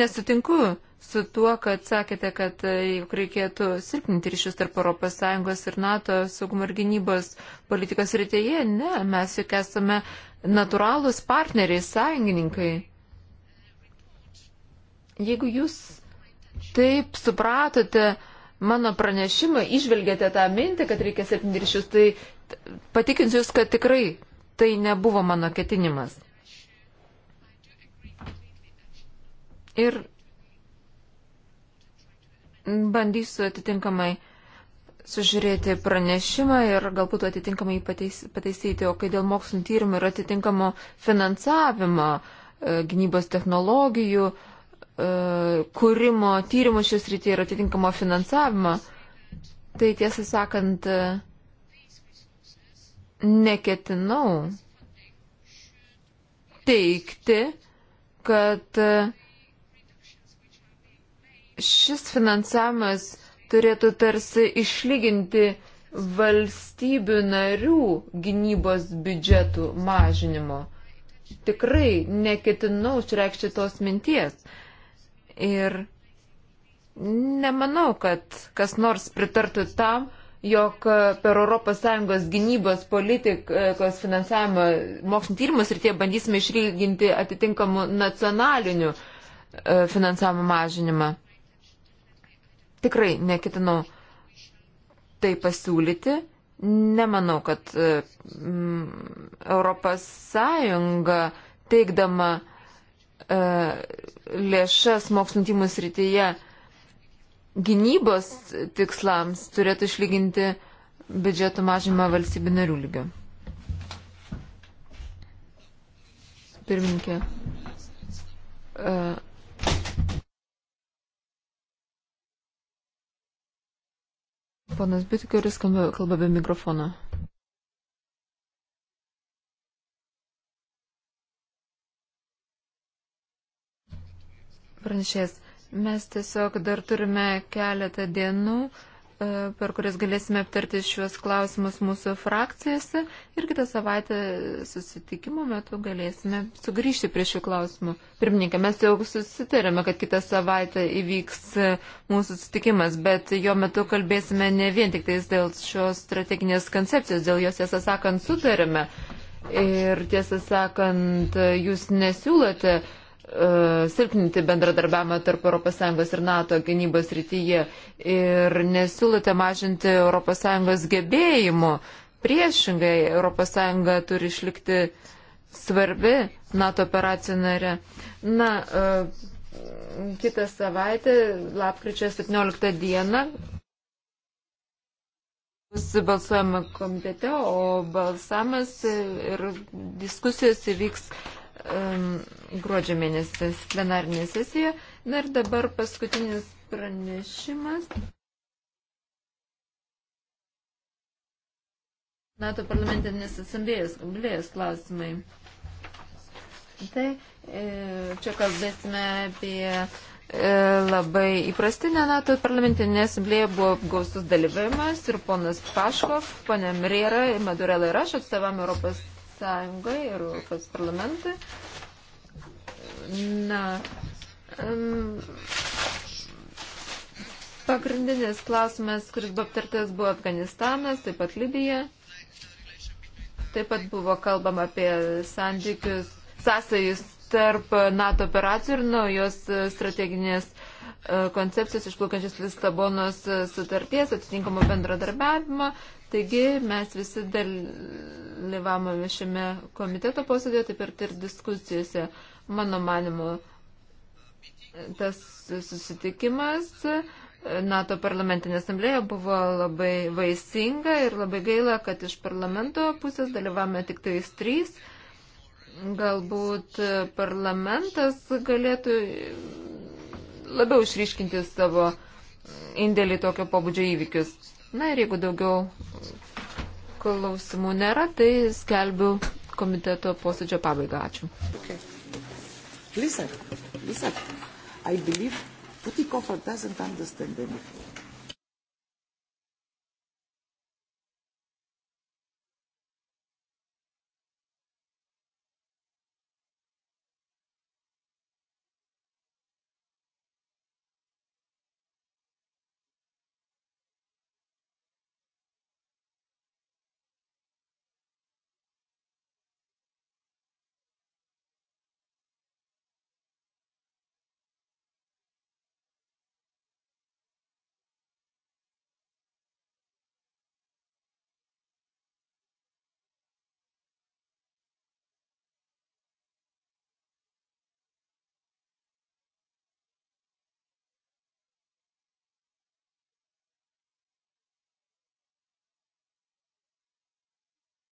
nesutinku su tuo, kad sakėte, kad e, juk reikėtų silpninti ryšius tarp ES ir NATO saugumo ir gynybos politikos rytėje. Ne, mes juk esame natūralūs partneriai, sąjungininkai. Jeigu jūs taip supratote mano pranešimą, išvelgėte tą mintį, kad reikia silpninti ryšius, tai patikinsiu jūs, kad tikrai tai nebuvo mano ketinimas. Ir Bandysiu atitinkamai sužiūrėti pranešimą ir galbūt atitinkamai pateis, pataisyti, o kai dėl mokslinio tyrimų ir atitinkamo finansavimo e, gynybos technologijų, e, kūrimo, tyrimų šios rytyje ir atitinkamo finansavimo, tai tiesą sakant, e, neketinau teikti, kad uh, šis finansavimas turėtų tarsi išlyginti valstybių narių gynybos biudžetų mažinimo. Tikrai neketinau išreikšti tos minties. Ir nemanau, kad kas nors pritartų tam, jog per ES gynybos politikos finansavimą mokslinio tyrimus ir tie bandysime išlyginti atitinkamų nacionalinių e, finansavimo mažinimą tikrai neketinau tai pasiūlyti. Nemanau, kad mm, Europos Sąjunga teikdama e, lėšas mokslinio tyrimų srityje gynybos tikslams turėtų išlyginti biudžeto mažymą valstybių narių lygio. Pirminkė. E, Ponas Bitkeris kalba be mikrofono. Pranešės, mes tiesiog dar turime keletą dienų E, per kurias galėsime aptarti šiuos klausimus mūsų frakcijose ir kitą savaitę susitikimo metu galėsime sugrįžti prie šių klausimų. Pirmininkė, mes jau susitarėme, kad kitą savaitę įvyks mūsų susitikimas, bet jo metu kalbėsime ne vien tik tais dėl šios strateginės koncepcijos, dėl jos, tiesą sakant, sutarėme. Ir tiesą sakant, jūs nesiūlote E, silpninti bendradarbiavimą tarp ES ir NATO gynybos rytyje ir nesiūlote mažinti ES gebėjimų. Priešingai, ES turi išlikti svarbi NATO operacijų nare. Na, e, kitą savaitę, lapkričio 17 dieną, bus balsuojama komitete, o balsamas ir diskusijos įvyks um, gruodžio mėnesės plenarinė sesija. Na ir dabar paskutinis pranešimas. NATO parlamentinės asamblėjos, asamblėjos klausimai. Tai e, čia kalbėsime apie e, labai įprastinę NATO parlamentinę asamblėją buvo gausus dalyvavimas ir ponas Paškov, ponė Mrėra, Madurela ir aš atstovam Europos Sąjungai ir Europos parlamentui. Na, um, pagrindinis klausimas, kuris buvo aptartas, buvo Afganistanas, taip pat Libija. Taip pat buvo kalbama apie santykius, sąsajus tarp NATO operacijų ir naujos strateginės e, koncepcijos išplaukiančios Lisabonos sutarties, atitinkamo bendradarbiavimo. Taigi mes visi dalyvavome šiame komiteto posėdėje, taip ir tai ir diskusijose. Mano manimu, tas susitikimas e, NATO parlamentinė asamblėja buvo labai vaisinga ir labai gaila, kad iš parlamento pusės dalyvavome tik tais trys. Galbūt parlamentas galėtų labiau išryškinti savo indėlį tokio pobūdžio įvykius. Na ir jeigu daugiau klausimų nėra, tai skelbiu komiteto posėdžio pabaigą. Ačiū. Okay. Listen, listen. I believe Putikoffer doesn't understand anything.